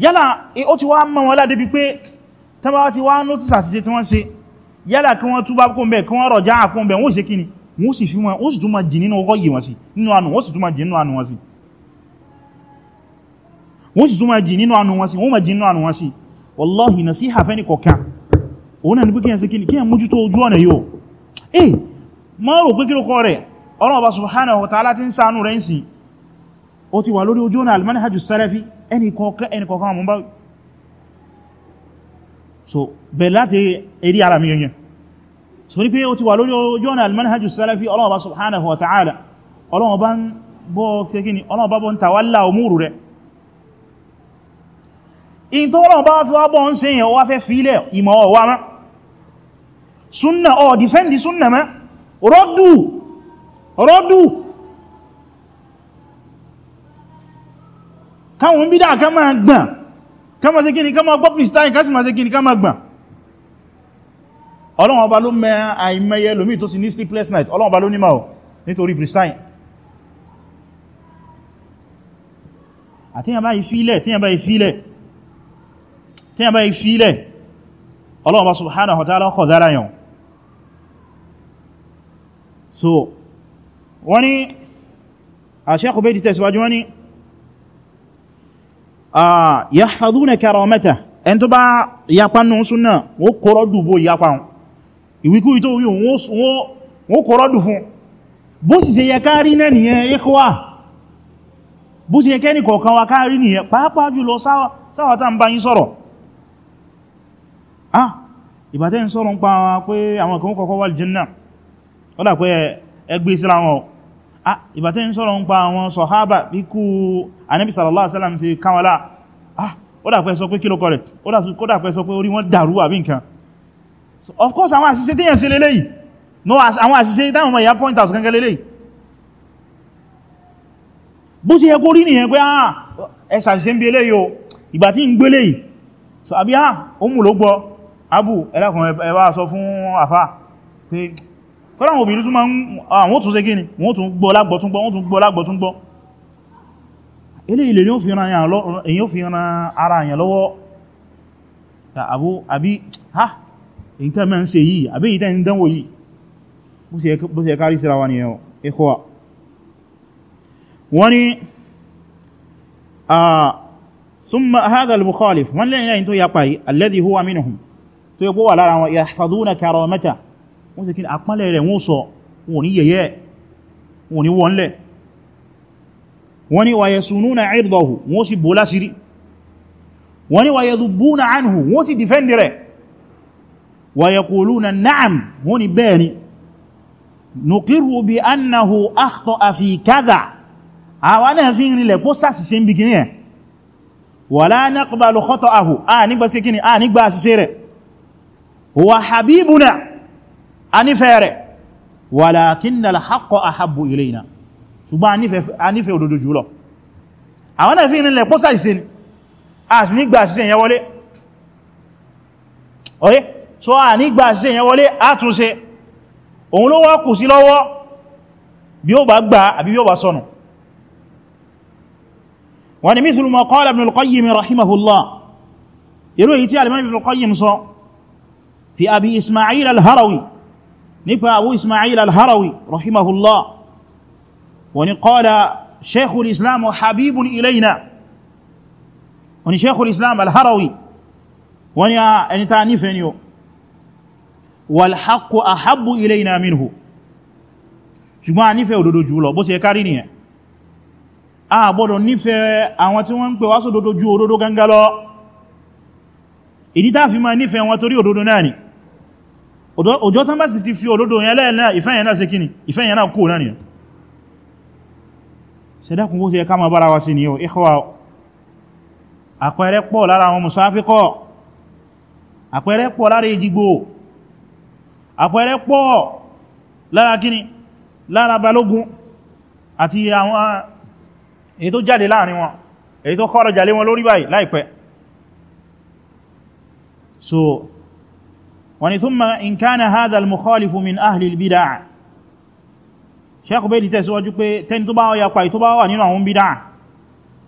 yálà ó ti wá mọ́ wọn ládé bí pé tánbà ti wá nótìsà sí tí wọ́n ṣe yálà kí wọ́n túbá kó mẹ́ kí wọ́n rọ̀ já àkó mẹ́ wọ́n ṣe kíni wọ́n sì fi wọn ó sì tún máa jì nínú ọgọ́ yìí wọn sí nínú àánú wọ́n sì tún máa jì nínú àánú wọn sí wọ́n sì tún jì nínú àánú wọn sí wọ́n eh ma rò pé kírókọ rẹ̀ ọlọ́ọ̀bá subhanahu wa ta'ala ti ń sánú rẹ̀ ń sí ó ti wà lórí ojú ọ̀nà al-manhaj as-salafi ẹni kọ̀ọ̀kan mú bá so bẹ̀ láti eré ara mi yẹn so ní pé ó ti wà lórí ojú ọ̀nà al-manhaj as-salafi ọlọ́ọ̀bá subhanahu wa ta'ala ọlọ́ọ̀bá ń bọ́ ṣe kí ni ọlọ́ọ̀bá bọ́ ń tawalla umuru rẹ̀ in tó ọlọ́ọ̀bá fi wá bọ́ ń ṣe yẹn wá fẹ́ fílẹ̀ ìmọ̀ ọ̀wá máa súnnà ọ̀ oh, dìfẹ́ndì súnnà má rọ́dù rọ́dù káwọn bídá ká máa gbọ̀n ká máa ṣe kí ni ká máa gbọ́ pristine ká sì máa ṣe kí ni ká máa gbọ̀n ọlọ́wọ́n ọba ló mẹ́ àìmẹ́yẹ lómi tó sì ní sleepless night ọlọ́wọ́n ọba ló nímọ̀ nítorí pristine ọlọ́wọ́n ọba subhanahu wa ta'ala kọ̀ dára yàn so wọ́n ni àṣẹ́kù bẹ́ ti tẹ̀síwájú wọ́n ni yahdhuna karamata ẹni tó bá yapa nù súnnà wọ́n kọ́rọ̀ dùbò yapa wọn ìwíkú ìtò wọ́n kọ́rọ̀ dù fún bó sì ṣe yẹ kárí náà nìyẹn ikhwa bó sì yẹ kẹ́ni kọ̀ọ̀kan wa kárí nìyẹn pàápàá jùlọ sáwàtà ń bá yín sọ̀rọ̀ ah ìbàtẹ́ ń sọ̀rọ̀ ń pa pé àwọn kan kọ̀kọ́ wà al-jannah ó dà pé ẹgbẹ́ síra wọn ah ìbàtẹ́ ń sọ̀rọ̀ ń pa àwọn sọ̀hábà bí kú anábì sallallahu alaihi wasallam sí kánwàlá ah ó dà pé sọ pé kílò correct ó dà pé sọ pé orí wọn of course àwọn àṣìṣe tí yẹn no àwọn àṣìṣe táwọn ọmọ ìyá point out kankan lélẹ́yìí bó ṣe yẹ ah ẹ ṣàṣìṣe ń bí o ìgbà tí ń so àbí ah abu ẹlákan ẹ bá sọ fún àfá pé fọ́nà àwọn obìnrin tún máa ń àwọn tún ṣe kí ni wọ́n tún gbọ́ lágbọ́ tún gbọ́ wọ́n tún gbọ́ lágbọ́ tún gbọ́ ilé ilé yóò fi ran ara àyàn lọ́wọ́ àbú àbí ha èyí tẹ́ mẹ́ ń ṣe yìí àbí èyí tẹ́ ń dánwò yìí bó ṣe kárí wọ́n ṣe kí àpánlẹ̀ rẹ̀ wọ́n sọ wọn ò ní yẹ̀yẹ́ wọn ò ní wọ́nlẹ̀ wọ́n ni wàyẹ̀ sunúnà ìrìdọ̀hù wọ́n sì bó lásìrí wọ́n ni wàyẹ̀ dùbúnà ánìhù wọ́n sì dìfẹ́ndì rẹ̀ wàyẹ̀ kòlúnà na'am wọ́n ni bẹ́ẹ̀ ni nùkírù bí annahu akhtọ́ àfi habibuna a nífẹ́ rẹ̀ walakinna al-haqqa ahabbu ilayna ṣùgbọ́n a nífẹ́ òdodo jùlọ àwọn náà fi ìrìnlẹ̀ pọ́sà ìsin a sì nígbà àṣìṣe yẹn wọlé oye so a nígbà àṣìṣe yẹn wọlé a tún ṣe òun ló wọ́ kù sí lọ́wọ́ bí ó bá gbà àbí bí ó bá sọnù wọ́n ni mithlu ma qala ibn al-qayyim rahimahullah irú èyí tí alimami ibn al-qayyim sọ fi abi ismail al-harawi nípa Abu Ismail al-Harawi rahimahullah wani qala sheikhul islam habibun ilayna wani sheikhul islam al-Harawi wani a ẹni ta nífẹ́ ni o walhaqqu ahabbu ilayna minhu ṣùgbọ́n a nífẹ́ òdodo jùlọ bó ṣe kárí nìyẹn a gbọ́dọ̀ nífẹ́ àwọn tí wọ́n ń pè wá sódodo ju òdodo gangalọ ìdí ma nífẹ́ wọn torí òdodo náà ni òjò tán bá sì ti fi olódò yẹn lẹ́ẹ̀lẹ́ ìfẹ́yẹn náà ṣe kíni ìfẹ́yẹn náà kò náà nìyàn ṣẹ̀dákùn bó ṣe ẹ ká bára wa sí ni o ikhwa àpẹẹrẹ pọ̀ lára àwọn musáfíkọ́ àpẹẹrẹ pọ̀ lára ìjìgbò àpẹẹrẹ pọ̀ lára kíni lára balógun àti àwọn èyí tó jáde láàrin wọn èyí tó kọ́rọ̀ so wani thumma in kana hadha al-mukhalifu min ahli al-bid'ah sheikh bẹ́ẹ̀ tẹ̀síwájú pé tẹni tó bá wà yapa tó bá wà nínú àwọn bid'ah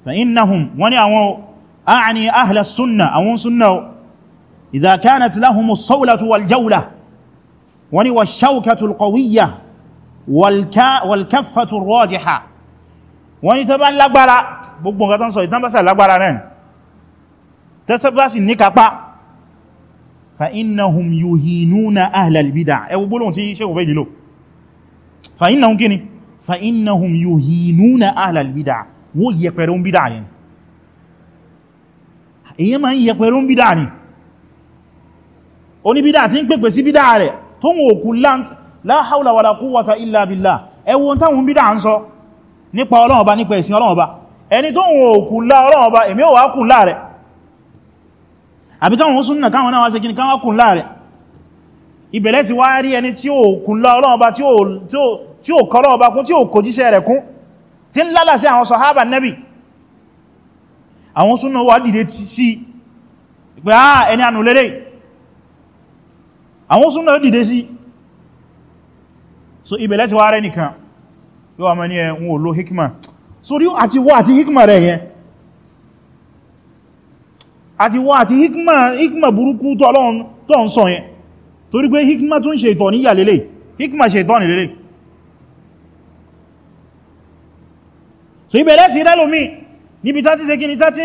fa innahum wani àwọn a'ani ahli as-sunnah àwọn sunnah idha kanat lahum as-sawlatu wal wani wash-shawkatu qawiyya wal kaffatu rajiha wani tó bá lágbára gbogbo nǹkan tán sọ ìtàn bá sà lágbára náà tẹ́sẹ̀ bá sì ní فإنهم يهينون أهل البدع أو بولون تي شيخ بيدي لو فإنهم كني فإنهم يهينون أهل البدع wo yẹpẹrẹ ń bídà ní èyí ma ń yẹpẹrẹ ń bídà ní oníbídà tí ń pèpè sí bídà rẹ̀ tó ń òkú la hawla wala quwwata illa billah ẹwọ táwọn bídà ń sọ nípa Ọlọ́run Ọba àbí káwọn súnnà káwọn náà wá sí kíni káwọn kùn láàrẹ̀ ìbẹ̀lẹ̀ ti wá rí ẹni tí ó kùn lá Ọlọ́run Ọba tí ó kọ́ Ọlọ́run Ọba kún tí ó kò jíṣẹ́ rẹ̀ kún tí ń lálà sí àwọn sọ̀hábà nẹ́bì àwọn súnnà wà dìde sí pé á ẹni ànù àwọn súnnà dìde sí so ìbẹ̀lẹ̀ ti wá rẹ̀ nìkan yóò wà mọ́ ní ẹ̀ hikma so rí àti wọ́ hikma rẹ̀ àti wá àti hikma hikma burúkú tó ọlọ́run tó ń sọ yẹn torí pé hikma tún ṣe ìtọ̀ níyà lélẹ̀ hikma ṣe ìtọ̀ nílélẹ̀ so ibẹ̀ láti rẹ́lòmí níbi tàti ṣe kíni tàti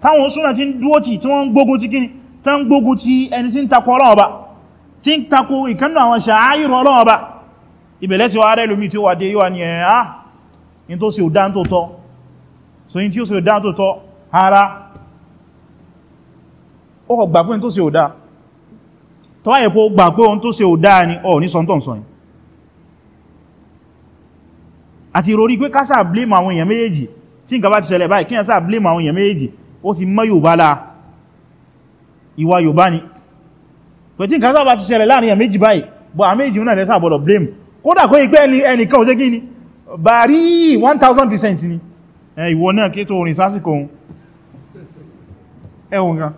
táwọn súnà ti ń dúó tí tí wọ́n ń gbógun ti kíni tí ń gbógun ti ẹni sí ń takọ ọlọ́run ọba tí ń takọ ìkánú àwọn ṣàáyìrò so in tí ó sì ah, ò ó gbà pé tó ṣe ò dáa tó wáyé pé ó gbà pé ohun tó ṣe ò dáa ni ọ̀ ní sọ́ntọ̀nsọ̀ yìí àti ìrorí pé ká sáà blame àwọn èèyàn méjèèjì tí nǹkan bá ti ṣẹlẹ̀ báyìí kí ẹ sáà blame àwọn èèyàn méjèèjì ó ti mọ́ Yorùbá láà ìwà náà lẹ́sà gbọ́dọ̀ blame kódà kó ipẹ́ ẹnìkan ò ṣe kí ni bàárí 1000% ni ìwọ náà kí tó orin sásìkò ohun ẹ̀wọ̀n gan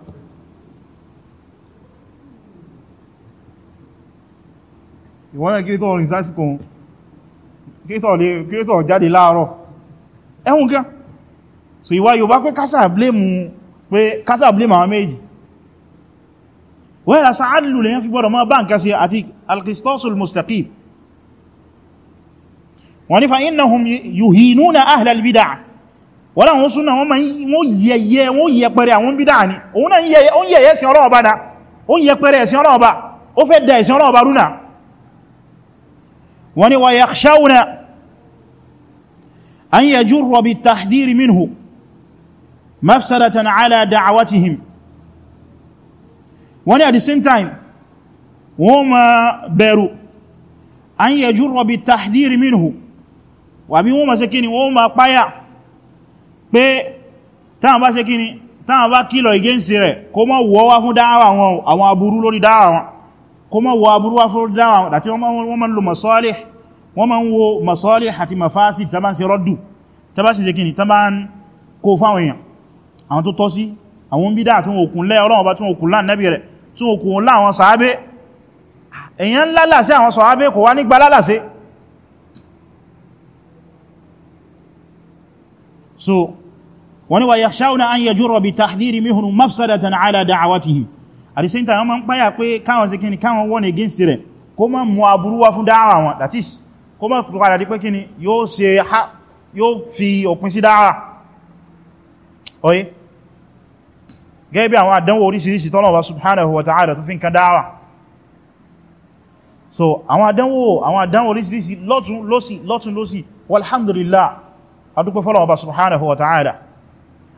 ìwọ́n náà kírítọ̀ rìn sásìkò kírítọ̀ jáde láàárọ̀ ẹ̀hùn kí so ìwà Yorùbá pé kásà blame pé kásà blame àwọn méjì wẹ́rẹ̀ sàálù lèyàn fi gbọ́dọ̀ mọ́ bá nǹkan sí àti alkristosul mustaqib wọ́n ní fa innahum yuhinuna ahlal bid'ah wọ́n láwọn súnà wọ́n yẹ̀yẹ́ wọ́n yẹpẹrẹ àwọn bid'ah ni òun náà ń yẹ̀yẹ́ sí ọlọ́ọ̀bá ó fẹ́ da ẹ̀sìn ọlọ́ọ̀bá rúnà wọ́n ni wa yakhshawna an yajurra bit-tahdhiri minhu mafsadatan ala da'watihim wọ́n at the same time wọ́n ma bẹ̀rù an yajurra bit-tahdhiri minhu wà bí wọ́n ma ṣe kíni wọ́n ma páyà pé táwọn bá ṣe kíni táwọn bá kílọ̀ igéǹsì rẹ̀ kó mọ́ wọ́wá fún dáhàwà wọn àwọn aburú lórí dáhàwà wọn kó mọ́ wọ aburú wá fún dáwà àti wọ́n mọ́ lo masalih wọ́n mọ́ wo masalih àti mafasid tàbá sí rọ́dù tàbá sí jẹ́kìnì tàbá ń kó fáwọn èèyàn àwọn tó tọ́ sí àwọn bídá tí wọ́n kùn lẹ́ ọlọ́wọ́ bá tí wọ́n láà nẹ́bí rẹ̀ tí wọ́n kùn sàábé èèyàn lálàsí àwọn sàábé kò wá nígbà lálàsí so wọ́n ni wa yakhshawna an yajurra bi tahdhiri minhum mafsadatan ala da'awatihim at the same time wọ́n ma ń páyà pé káwọn sí kíni káwọn wọ́n against rẹ̀ kó má mú aburú wá fún dáwà wọn that is kó má padà di pé kíni yóò ṣe yóò fi òpin sí dáwà oye gẹ́gẹ́ bí àwọn àdánwò oríṣiríṣi tọ́lọ̀wà subhanahu wa ta'ala tó fi ń kan dáwà so àwọn àdánwò àwọn àdánwò oríṣiríṣi lọ́tún lósì lọ́tún lósì walhamdulillah adúpẹ́ fọ́lọ̀wà subhanahu wa ta'ala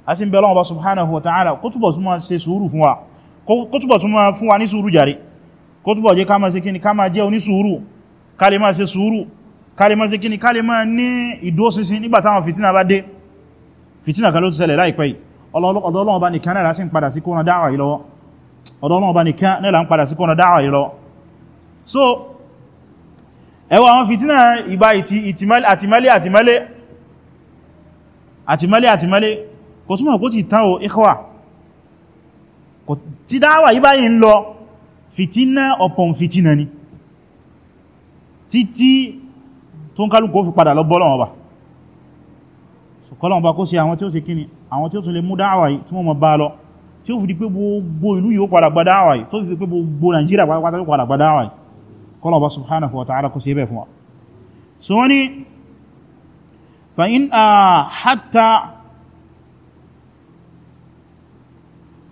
a sì ń bẹ lọ́wọ́ subhanahu wa ta'ala kó túbọ̀ súnmọ́ ṣe sùúrù fún wa kó túbọ̀ tún máa fún wa ní sùúrù jàre kó túbọ̀ jẹ́ ká máa ṣe kíni ká máa jẹ́ onísùúrù ká lè máa ṣe sùúrù ká lè máa ṣe kíni ká lè máa ní ìdóṣinṣin nígbà táwọn fìtínà bá dé fìtínà kan ló ti ṣẹlẹ̀ láìpẹ́ yìí ọ̀dọ̀ ọba nìkan náà sí ń padà sí kóran dáwà yìí lọ́wọ́ ọ̀dọ̀ ọba nìkan náà ń padà sí kóran dáwà yìí lọ́wọ́ so ẹwọ àwọn ikhwa tí dáwà yí báyìí ń lọ fìtínà ọ̀pọ̀ fìtínà ni títí tó ń kálùkù fi padà lọ bọ́lọ̀wọ́ bá kọ́lọ̀wọ́ bá kó sí àwọn tí ó ṣe kíni àwọn tí ó tún lè mú dáwà yìí tí wọ́n mọ̀ bá lọ tí ó fi di pé gbogbo ìlú yóò padà gba dáwà yìí tó fi di pé gbogbo Nàìjíríà pátá yóò padà gba dáwà yìí kọ́lọ̀wọ́ subhanahu wa ta'ala kó sí ẹbẹ̀ fún wa so wọ́n ni fa in ah,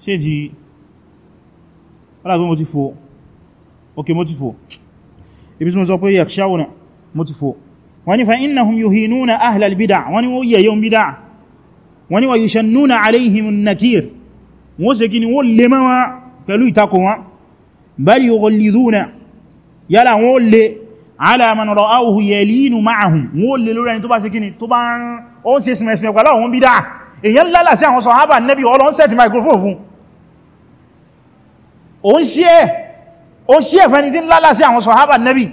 ṣe ji wọ́n lágbé mo ti fò ok mo ti fò ibi tí mo sọ pé yakhshawna mo ti fò wọ́n ni fa innahum yuhinuna ahlal bid'a wọ́n ni wọ́n yẹ yóò bid'a wọ́n ni wa yushannuna alayhim nakir wọ́n ṣe ala man ra'awhu yalinu ma'ahum wọ́n lè lórí ẹni tó bá ṣe kíni tó bá ń ó ń ṣe sìmẹ̀sìmẹ̀ pẹ̀lú àwọn bid'a èyàn lálà sí àwọn sọ̀hábà nẹ́bí ọlọ́nsẹ̀tì microphone fún o ń ṣí ẹ̀ o ṣí ẹ̀fẹ́ ni tí ń lálà sí àwọn sọ̀hábà nẹ́bì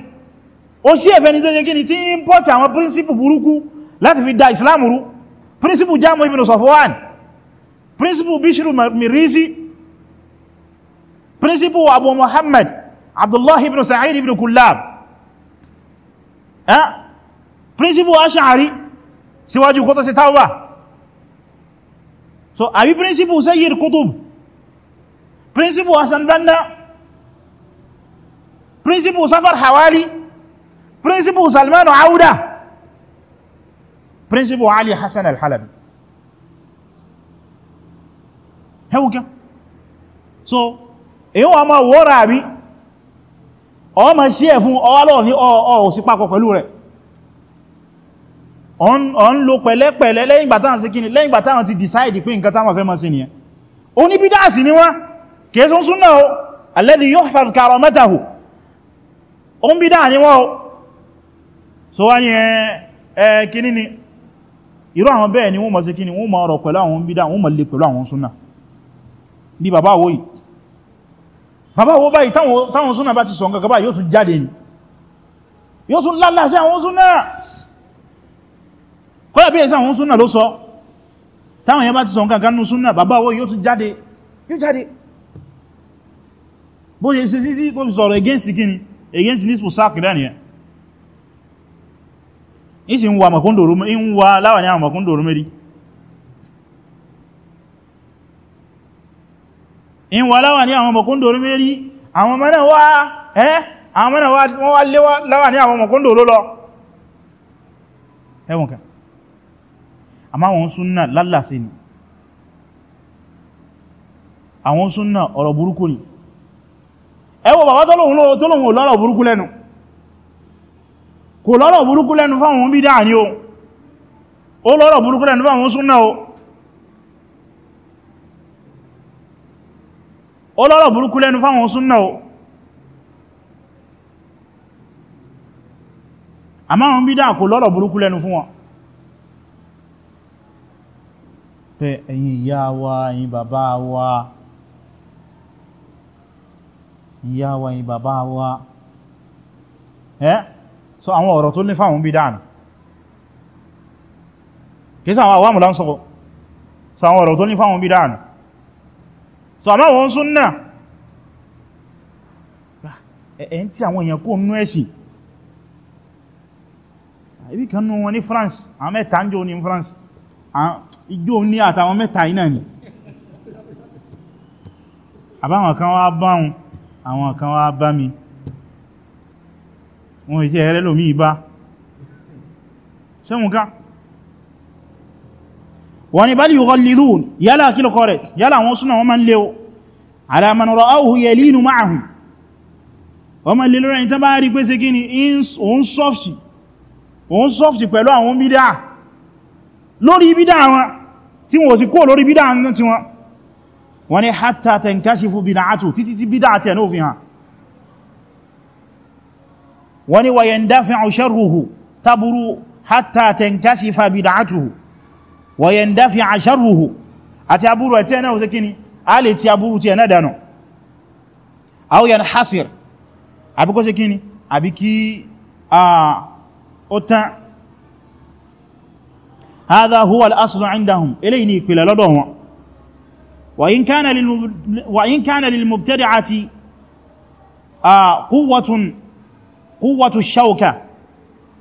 o ṣí ẹ̀fẹ́ ni tó jẹ́ kíni tí ń pọ̀ tí àwọn príncipù burúkú láti fi da islam rú príncipù jámù ibn sọfọ́wàn príncipù bishiru mirizi príncipù abu muhammad abdullahi ibn sa'id ibn kullab eh? príncipù ash'ari síwájú kó tó sí tawba so àbí príncipù sayyid kutub principle Hassan Banna principle Safar Hawali principle Salman Auda principle Ali Hassan Al-Halabi hewuka so èyí wọ́n ma wọ́ra àbí ọ ma ṣí ẹ̀ fún ọwọ́lọ́ ní ọ̀ọ̀ sí papọ̀ pẹ̀lú rẹ̀ ọ ń lo pẹ̀lẹ́pẹ̀lẹ́ lẹ́yìn gbàtàn sí kíni lẹ́yìn gbàtàn ti decide pé nǹkan táwọn fẹ́ ma sí nìyẹn oníbídá sí ni wọ́n kìí sún súnnà o alladhi yuhfaz karamatahu o ń bí dáa ní wọ́n o so wá ní ẹ kíní ni irú àwọn bẹ́ẹ̀ ni wọ́n mọ̀ sí kíní wọ́n mọ̀ ọ̀rọ̀ pẹ̀lú àwọn bídá wọ́n mọ̀ lè pẹ̀lú àwọn súnnà bí bàbá wo yìí bàbá wo báyìí táwọn súnnà bá ti sọ nǹkan báyìí yóò tún jáde ni yóò tún lálá sí àwọn súnnà kọ́lá bí i sáwọn súnnà ló sọ táwọn yẹn bá ti sọ nǹkan kan nú súnnà bàbá wo yóò tún jáde yóò jáde bó ṣe ṣe sí tó fi sọ̀rọ̀ against kíni against ní sposak dánìyàn ìsì ń wa makondoro ń wa láwà ní àwọn makondoro mẹ́rí in wa láwà ní àwọn makondoro mẹ́rí àwọn mẹ́rin wá ẹ́ àwọn mẹ́rin wọ́n wá láwà ní àwọn makondoro lọ ẹwọ̀n kan àmá àwọn súnnà lálàsí ni àwọn súnnà ọ̀rọ̀ burúkú ni ẹ wo bàbá tọ́lọ̀hún ò lọ́rọ̀ burúkú lẹ́nu kò lọ́rọ̀ burúkú lẹ́nu fáwọn bí dáa ní o ó lọ́rọ̀ burúkú lẹ́nu fáwọn súnnà o ó lọ́rọ̀ burúkú lẹ́nu fáwọn súnnà o àmá wọn bí dáa kò lọ́rọ̀ burúkú lẹ́nu fún wọn pé ẹ̀yin ìyá wa ẹ̀yin bàbá wa ìyá wa yìí bàbá wa ẹ́ so àwọn ọ̀rọ̀ tó ní fáwọn bí dáànù kìí sáwọn àwámù lánsọ́kọ́ so àwọn ọ̀rọ̀ tó ní fáwọn bí dáànù so àmá wọn súnnà ẹ̀ ń tí àwọn èèyàn kó nú ẹ̀sìn ibi kan nú wọn ní France àwọn mẹ́ta ń jò ní France ìjó ní àtàwọn mẹ́ta iná ni àbáwọn kan wá báwọn àwọn kan wá bá mi wọ́n ìṣẹ́ ẹ̀rẹ́ lòmí ìbá ṣẹ́mùká wọ́n ni bal yughallidhun yálà kílùkọ́ rẹ̀ yálà wọ́n súnà wọ́n ma ń lè o ala man ra'ahu yalinu ma'ahu wọ́n ma lè lọ́rẹ̀ ìtàn bá rí lórí bídá wọn wọn wọ́n ni hatta tankashifu bid'atu títí tí bídá àti ẹ̀nà òfin hàn wọ́n ni wa yandafi'u sharruhu taburu hatta tankashifa bid'atuhu wa yandafi'a sharruhu àti aburú ẹ̀ tí ẹ̀nà ẹ̀nà dànù وإن كان للمبتدعة قوة قوة الشوكة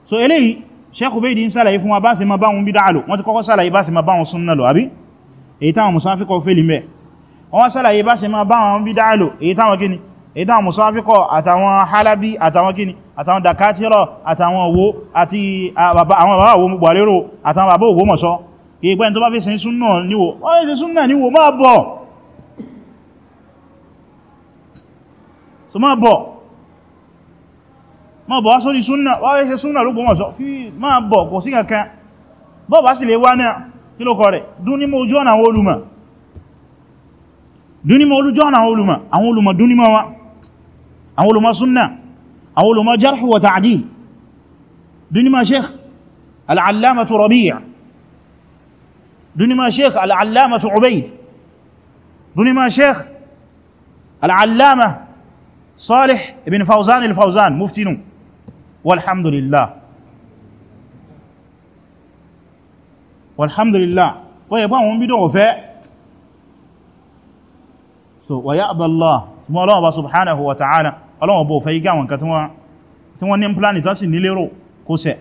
so eléyìí Sheikh Ubaydi ń ṣàlàyé fún wa bá ṣe ma bá wọn bídá lò wọ́n ti kọ́kọ́ ṣàlàyé bá ṣe ma bá wọn súnnà lò àbí èyí táwọn musáfíkọ́ fèlì mẹ́ wọ́n ṣàlàyé bá ṣe ma bá wọn bídá lò èyí táwọn kíni èyí táwọn musáfíkọ́ àtàwọn halabi àtàwọn kíni àtàwọn kí ìgbẹ́ tó bá fi sin súnnà níwò ó yẹ́ sin súnnà níwò máa bọ̀ so máa bọ̀ máa bọ̀ wá sórí súnnà wá yẹ́ sin súnnà lóògbò mọ̀sọ́ fi máa bọ̀ kò sí kankan bọ́ bá sì lè wá náà kí ló kọ rẹ̀ dún ní mọ́ ojú ọ̀nà àwọn olùmọ̀ dún ní mọ́ ojú àwọn olùmọ̀ àwọn wa àwọn olùmọ̀ súnnà àwọn olùmọ̀ jarh wa ta'dil dún sheikh al-allamatu Rabi' dunima sheikh al'allama tu ubaid dunima sheikh al'allama salih ibn fauzan al-fauzan muftinu walhamdulillah walhamdulillah wọ́n yẹ bá wọn bídọ̀ ọ̀fẹ́ so wà yá àbàlá mọ́ ọlọ́wọ́ bá subhanahu wa ta'ala ọlọ́wọ́ bó fẹ́ yí gáwọn kan tí wọ́n ní ń nílérò kó sẹ́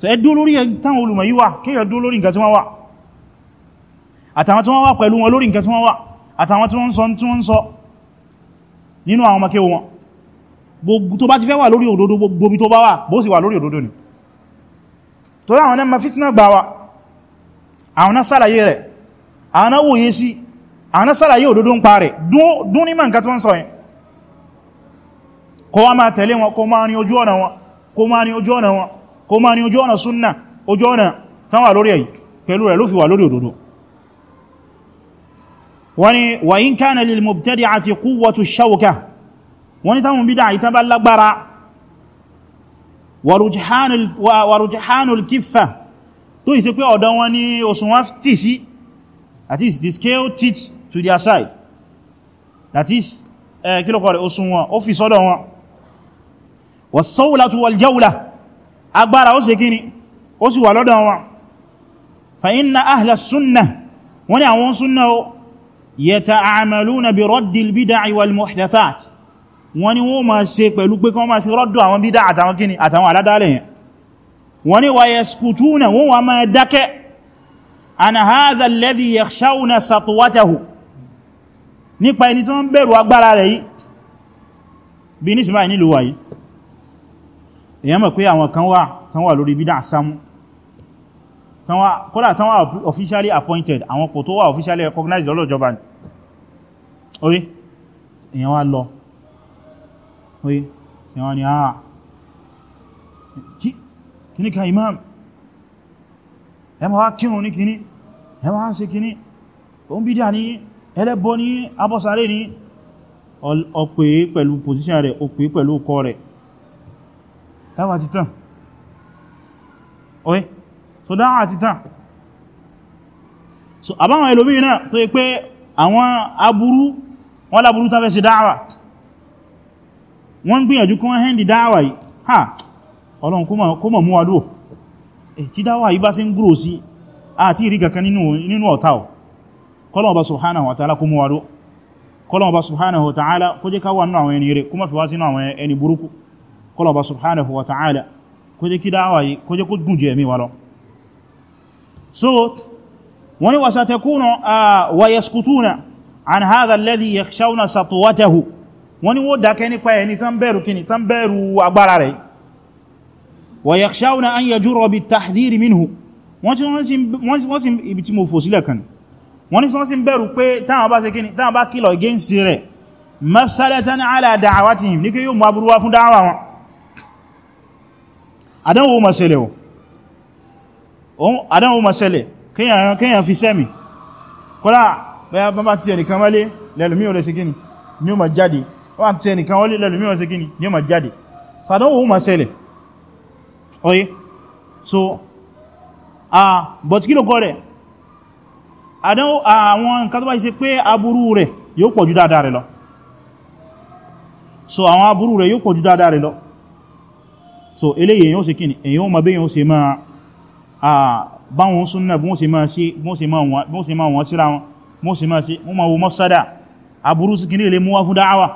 so ẹ dúró lórí táwọn olùmọ̀ yí wà kéèyàn dúró lórí nǹkan tí wọ́n wà àtàwọn tí wọ́n wà pẹ̀lú wọn lórí nǹkan tí wọ́n wà àtàwọn tí wọ́n sọ tí wọ́n sọ nínú àwọn ọmọké wọn gbogbo tó bá ti fẹ́ wà lórí òdodo gbogbo bí tó bá wà bó sì wà lórí òdodo ni torí àwọn náà fìtínà gbà wa àwọn náà sàlàyé rẹ̀ àwọn wòye sí àwọn náà sàlàyé òdodo ń pa rẹ̀ dún ní mọ̀ǹkan tí wọ́n sọ yẹn kó wá máa tẹ̀lé wọn kó máa ní ojú ọ̀nà wọn kó máa ní ojú ọ̀nà wọn kó máa ní ojú ọ̀nà súnnà ojú ọ̀nà tán wà lórí èyí pẹ̀lú rẹ̀ ló fi wà lórí òdodo wọ́n ni wa in kana lil mubtadi'ati quwwatu shawka wọ́n ni táwọn bídá ìtàn bá lágbára wa tó ìsẹ́ pé ọ̀dọ̀ wọn ni òṣùnwọ́n tì sí that is the scale tilt to their side that is eh, kílọ̀kọ̀ rẹ̀ òṣùnwọ́n ó fi sọ́dọ̀ wọn was sawlatu wal jawla agbára ó ṣe kíni ó sì wà lọ́dọ̀ wọn fa inna ahla sunnah wọ́n ni àwọn súnnà ó yata'amaluna bi raddil bid'ah wal muhdathat wọ́n ni wọ́n máa ṣe pẹ̀lú pé kọ́ máa ṣe rọ́dù àwọn bídá àtàwọn kíni àtàwọn aládálẹ̀ yẹn wọ́n ni wa yaskutuna wọ́n wà máa dákẹ́ an hadha alladhi yakhshawna satwatahu nípa ẹni tí wọ́n bẹ̀rù agbára rẹ̀ yìí bí nísìmáà nílùú wáyìí èyàn mọ̀ pé àwọn kan wà tán wà lórí bídá sámú kódà tán wà officially appointed àwọn kò tó wà officially recognized lọ́lọ́jọba ní orí èyàn wá lọ orí èyàn wá ní àà ah, kíní kan imam ẹ ma wá kírun ní kíní ẹ ma wá ṣe kíní òun bídá ní ẹlẹ́bọ ní abọ́sáré ní ọpẹ́ pẹ̀lú position rẹ̀ O pẹ̀lú kọ rẹ̀ dáwà ti tàn oye so dáwà ti tàn so àbáwọn ẹlòmí náà tó yí pé àwọn aburú wọ́n láburú tán fẹ́ ṣe dáwà wọ́n gbìyànjú kán hẹ́ndì dáwà yìí ha ọlọ́run kó mọ̀ mú adó eh, tí dáwà yìí bá sí ń gúrò sí àti ìrí kankan nínú ọ̀tá ọ̀ kọ́lọ̀ ọba subhanahu kó mú adó kọ́lọ̀ kọlọ̀bá subhanahu wa ta'ala kó jẹ́ kí dáwà yìí kó jẹ́ kó gùn jẹ́ mi wà lọ so wani wasa ta kuna a wa yaskutuna an hadha alladhi yakhshawna satuwatahu wani wo dákẹ́ nípa ẹni tán bẹ̀rù kíni tán bẹ̀rù agbára rẹ̀ wa yakhshawna an yajurra bit tahdhir minhu wọ́n tí wọ́n sì ibi tí mo fò sílẹ̀ ala da'awatihim ní kí yóò mú aburú wá wọn àdánwò ma ṣẹlẹ̀ o àdánwò ma ṣẹlẹ̀ kíyàn fi sẹ́mì kọ́lá bẹ́yà bá bá ti ẹnìkan wálé lẹ́lùmí ò lè ṣe kíni ní o ma jáde wọ́n ti ẹnìkan wálé lẹ́lùmí ò lè ṣe kíni ní o ma jáde sàdánwò ma oye so a but kí ló kọ́ rẹ̀ àdánwò àwọn nǹkan tó bá ṣe pé aburú so àwọn aburú rẹ̀ yóò pọ̀ so eléyìí èyàn ṣe kíni èyàn ma bẹ́yàn ṣe máa báwọn súnnà bọ́n ṣe máa ṣe bọ́n ṣe máa wọ́n síra wọn bọ́n ṣe máa ṣe wọ́n ma wo mọ́sádà aburú sí kíní ilé mú fún dáàwà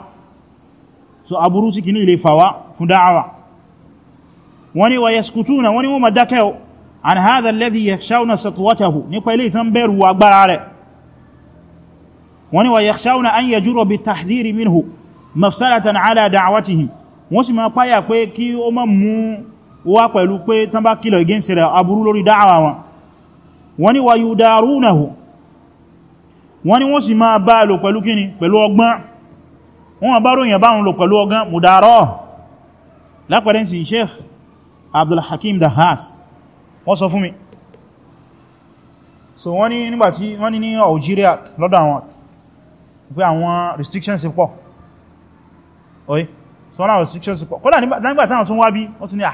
so aburú sí kíní ilé fàwá fún dáàwà wọ́n ni wa yaskutuna wọ́n ni wọ́n ma dákẹ́ minhu mafsadatan ala da'watihim wọ́n sì máa páyà pé kí ó má mú wá pẹ̀lú pé tán bá kílọ̀ against rẹ̀ aburú lórí dáàwà wọn wọ́n ni wa yudarunahu wọ́n ni wọ́n sì máa bá lò pẹ̀lú kíni pẹ̀lú ọgbọ́n wọ́n bá Sheikh Abdul Hakim Dahas wọ́n so wọ́n ní nígbàtí Algeria lọ́dọ̀ àwọn pé àwọn restrictions pọ̀ oye sọ́rọ̀ restrictions pọ̀ kọ́lá nígbà táwọn tún wá bí wọ́n tún ní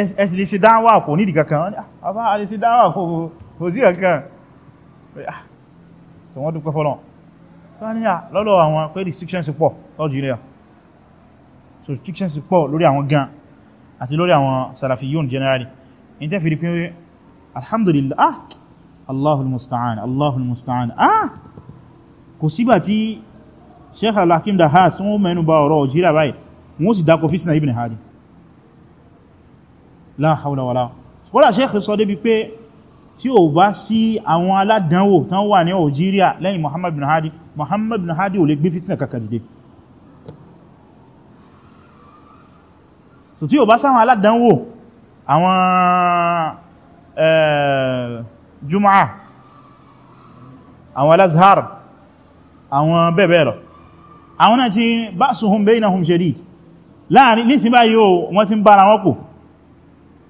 ẹ̀sì lè ṣe dáwà kò ní ìdìkankan àbá a lè ṣe dáwà kò sí kankan tó wọ́n dúpẹ́ fọ́lọ̀ sọ́níyà lọ́lọ́ àwọn pé restrictions pọ̀ tọ́jú ilẹ̀ so restrictions pọ̀ lórí àwọn gan àti lórí àwọn salafiyun generally in tẹ́ fi rí pé alhamdulillah ah allahul musta'an allahul musta'an ah kò sígbà tí sheikh al-hakim da haas wọ́n mẹ́nu bà ọ̀rọ̀ algeria báyìí wọ́n sì dákọ̀ fitna ibn hadi la hawla wala wọ́la sheikh sọ débi pé tí ó bá sí àwọn aládánwò tán wà ní algeria lẹ́yìn muhammad bin hadi muhammad bin hadi ò lè gbé fitna kàkà dìde so tí ó bá àwọn alazhar àwọn bẹ́ẹ̀ bẹ́ẹ̀ àwọn náà ti ba'suhum baynahum shadid láàrin nísìn báyìí o wọ́n ti ń bára wọn pọ̀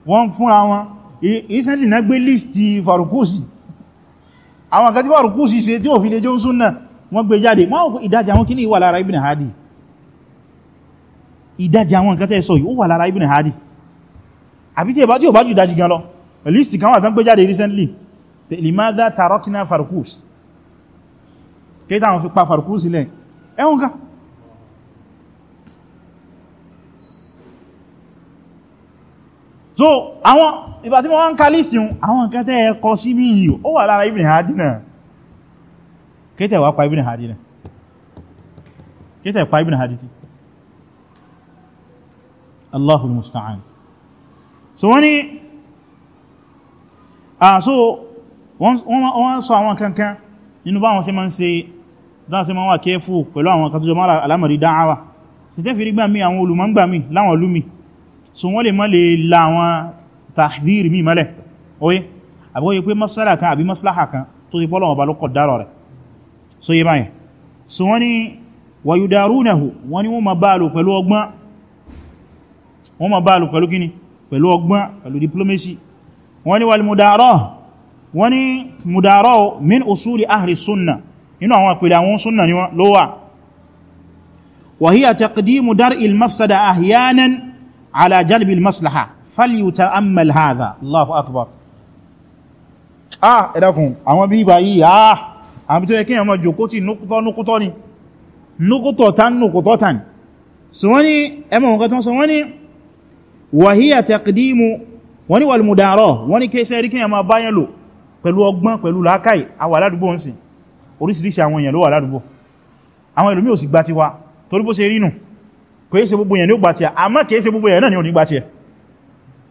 wọ́n fúnra wọn recently na gbé lístì farukusi àwọn kan tí farukusi ṣe tí ò fi lè jẹ́ súnnà wọ́n gbé jáde wọ́n ìdájà wọn kí ní ìwà lára ibn hadi ìdájà wọn kan tẹ́ sọ yìí ó wà lára ibn hadi ẹ̀wọ̀n kan so àwọn ìgbà tí mo wá ń ka lísì un àwọn nǹkan tẹ́ ẹkọ sí bí i ó wà lára Ibn Hadi náà kétẹ̀ wá pa Ibn Hadi náà kétẹ̀ pa Ibn Hadi Allahul musta'an so wọ́n ni a ah, so wọ́n sọ àwọn kankan nínú báwọn ṣe máa ń ṣe dáṣe ma wà kéfù pẹ̀lú àwọn kan tó jọ mara alamari dáhàwà sì tẹ́ fi rí gbàmí àwọn olùmọ́gbàmí láwọn olúmi so wọ́n lè mọ́ lè la àwọn tahdhir mi mọ́lẹ̀ oye àbúkọ́ yí pé masala kan àbí maslaha kan tó ti pọ́lọ̀ ọba lọ́kọ̀ dárọ̀ rẹ̀ so yí báyìí so wọ́n ni wa yudarunahu wọ́n ni wọ́n ma báàlù pẹ̀lú min usuli ahli sunnah nínú àwọn àpìlẹ̀ àwọn súnnà ni wọ́n ló wà wa hiya taqdimu dar'il mafsada ahyanan ala jalbil maslaha falyuta'ammal hadha Allahu akbar ah ẹ̀dàkùn àwọn bí ibà yìí ah àmì tó yẹ kíyàn mọ́ jòkó tí núkútọ́ núkútọ́ ni núkútọ̀ tán núkútọ́ tán so wọ́n ni ẹmọ̀ nǹkan tó ń sọ wọ́n ni wa hiya taqdimu wọ́n ni wal mudara wọ́n pẹ̀lú ọgbọ́n pẹ̀lú làákàì àwà ń sìn oríṣiríṣi àwọn èèyàn ló wà ládùúgbò àwọn ẹlòmí ò sì gbà tiwa torí bó ṣe rí nù kò yí ṣe gbogbo èèyàn ní ó gbà tiẹ̀ àmọ́ kì í ṣe gbogbo èèyàn náà ni ò ní gbà tiẹ̀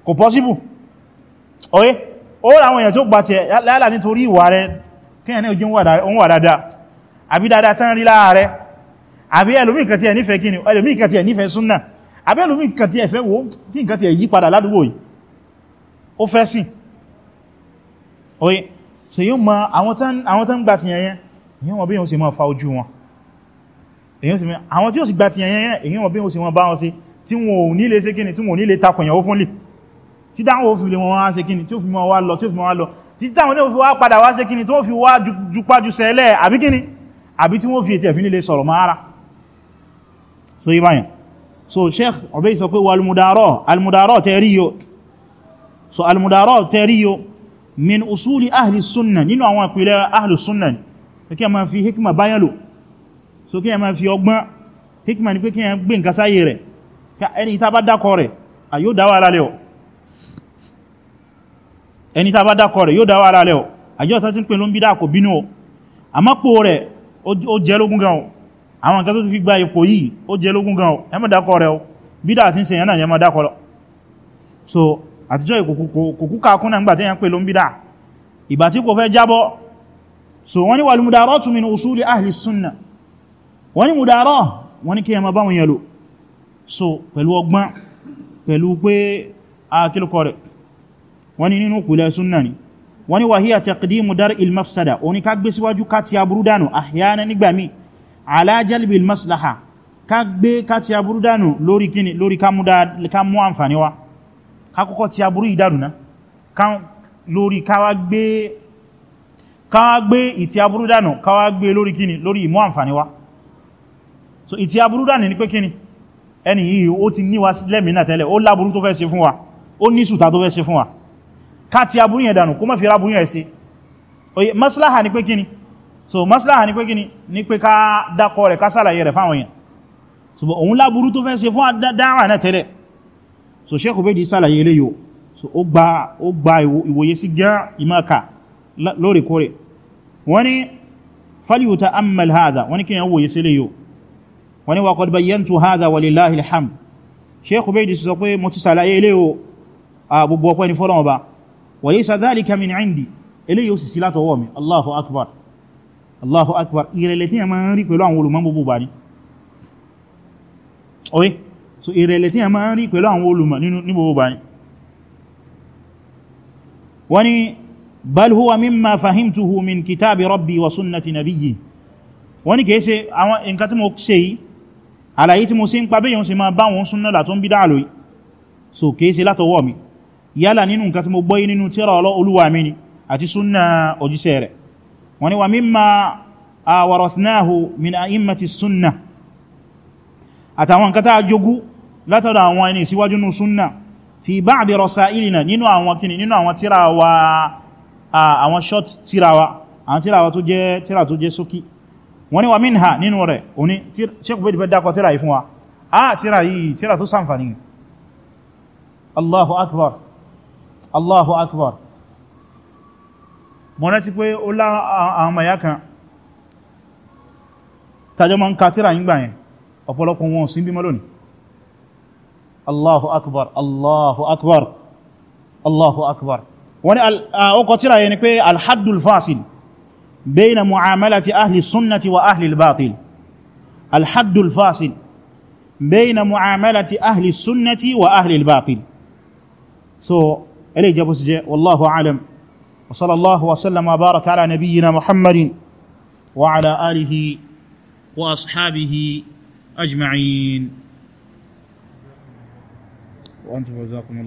kò possible oye, ó àwọn èèyàn tó gbà tiẹ̀ lálà nítorí ìwà rẹ̀ kíyàn náà jẹ́ òun wà dáadáa àbí dáadáa tán rí lára rẹ̀ àbí ẹlòmí kan tiẹ̀ nífẹ̀ẹ́ kíni ẹlòmí kan tiẹ̀ nífẹ̀ẹ́ súnnà àbí ẹlòmí kan tiẹ̀ fẹ́ wo kí nǹkan so yóò mọ àwọn tán gbà tiẹ̀ yẹn èyàn mọ̀ bí yóò ṣe máa fa ojú wọn àwọn tí ó sì gba ti yẹnyẹn èyàn mọ̀ bí yóò ṣe máa bá wọn ṣe tí wọn ò nílé ṣe kíni tí wọn ò nílé takọ̀yàn openly tí dáwọn ó fi lè wọn wá ṣe kíni tí ó fi máa wá lọ tí ó fi máa wá lọ tí táwọn náà fi wá padà wá ṣe kíni tí wọ́n fi wá min usuli ahli sunna nínú àwọn ìpìlẹ̀ ahli sunna kí a máa fi hikima báyàn lò so kí a máa fi ọgbọ́n hikima ni pé kí a gbé nǹkan sáyé rẹ̀ ẹni tá bá dákọ rẹ̀ yóò dáwà alálẹ́ ọ̀ ẹni tá bá dákọ rẹ̀ yóò dáwà alálẹ́ ọ̀ àjọ́ tó ti ń ló ń bí bínú àmọ́pò rẹ̀ ó jẹ́ lógún gan àwọn nǹkan tó fi gba ipò yìí ó jẹ́ lógún gan ẹ rẹ̀ bí so wọ́n ni wal mudaratu min usuli ahli sunna wọ́n ni mudara wọ́n ni kí ẹmọ báwọn yẹlò so pẹ̀lú ọgbọ́n pẹ̀lú pé a kílùkọ rẹ̀ wọ́n ni nínú kùlẹ̀ sunna ni wọ́n ni wàhíyà taqdimu dar'il mafsada o ni ká gbé síwájú ká ti aburú dànù ahyana nígbà mi ala jalbil maslaha ká gbé ká ti aburú dànù lórí kíni lórí ká mú àǹfàní wa ká kọ́kọ́ ti aburú ìdànù náà lórí ká wá gbé káwá gbé ìtí aburú dànù káwá gbé lórí kíni lórí ìmú àǹfàní wá so ìtí aburú dànù ní pé kíni ẹni yìí ó ti níwa lẹ́mìnà tẹ́lẹ̀ ó láburú tó fẹ́ ṣe fún wa ó ní sùta tó fẹ́ ṣe fún wa ká ti aburú yẹn dànù kó má fi ráburú yẹn ṣe oye maslaha ní pé kíni so maslaha ní pé kíni ní pé ká dákọ rẹ̀ ká sàlàyé rẹ̀ fáwọn yẹn so òun láburú tó fẹ́ ṣe fún dáwà náà tẹ́lẹ̀ so Sheikh Ubedi sàlàyé eléyìí so ó gba ìwòye sí gẹ́ ìmọ̀ọ́ka lóòrèkóòrè wọ́n ní falyuta amal haza wọ́n ní kí yẹn wòye sílé yóò wọ́n ní wa qad bayyantu haza walillahi alhamd sheikh ubaydi sọ pé mo ti sàlàyé ilé o a gbogbo ọpẹ́ ni fọ́lọ́wọ́ ba walaysa dhalika min indi ilé yóò sì sí látọwọ́ allahu akbar allahu akbar ìrẹ̀lẹ̀ tí a máa ń rí pẹ̀lú àwọn olùmọ̀ gbogbo bá oye so ìrẹ̀lẹ̀ tí a máa ń rí pẹ̀lú àwọn olùmọ̀ ní gbogbo bá ní bal huwa mimma fahimtuhu min kitabi rabbi wa sunnati nabiyyi wọ́n ní kèése àwọn nǹkan tí mo ṣe yìí àlàyé tí mo ṣe ń pa bẹ́yàn ṣe máa bá wọn súnnà látún bí dáàlò yìí so kèése látọwọ́ mi yálà nínú nǹkan tí mo gbọ́yí nínú tírà olúwa mi ni àti súnnà òjíṣẹ́ rẹ̀ wọ́n ní wa mimma awarathnahu min a'immati súnnà àtàwọn nǹkan tá a jogú látọ̀dọ̀ àwọn ẹni síwájú nínú súnnà fi ba'di rasailina nínú àwọn kíni nínú àwọn tírà wa àwọn short tírawa àwọn tírawa tó jẹ́ tíra tó jẹ́ sókí wọ́n ni wà minha nínú rẹ̀ òní Sheikh Ubayd fẹ́ dákọ̀ tíra yìí fún wa a tíra yìí tíra tó sàǹfàní Allahu akbar Allahu akbar mọ́ rántí pé ó lá àwọn mẹ́yà kan tàjọ ma ń ka tíra yìí gbà yẹn ọ̀pọ̀lọpọ̀ wọn sí bí mọ́ Allahu akbar Allahu akbar Allahu akbar wọ́n ní ọkọ̀ tíra yẹ ni pé alhaddul fasil bẹ́yìn mu'amala ti ahli sunnati wa ahli al-batil alhaddul fasil bẹ́yìn mu'amala ti ahli sunnati wa ahli al-batil so ilé ìjẹbù sí jẹ wallahu alam wa sallallahu wa sallam wa bára baraka ala na muhammadin wa ala alihi wa ashabihi ajma'in wa antum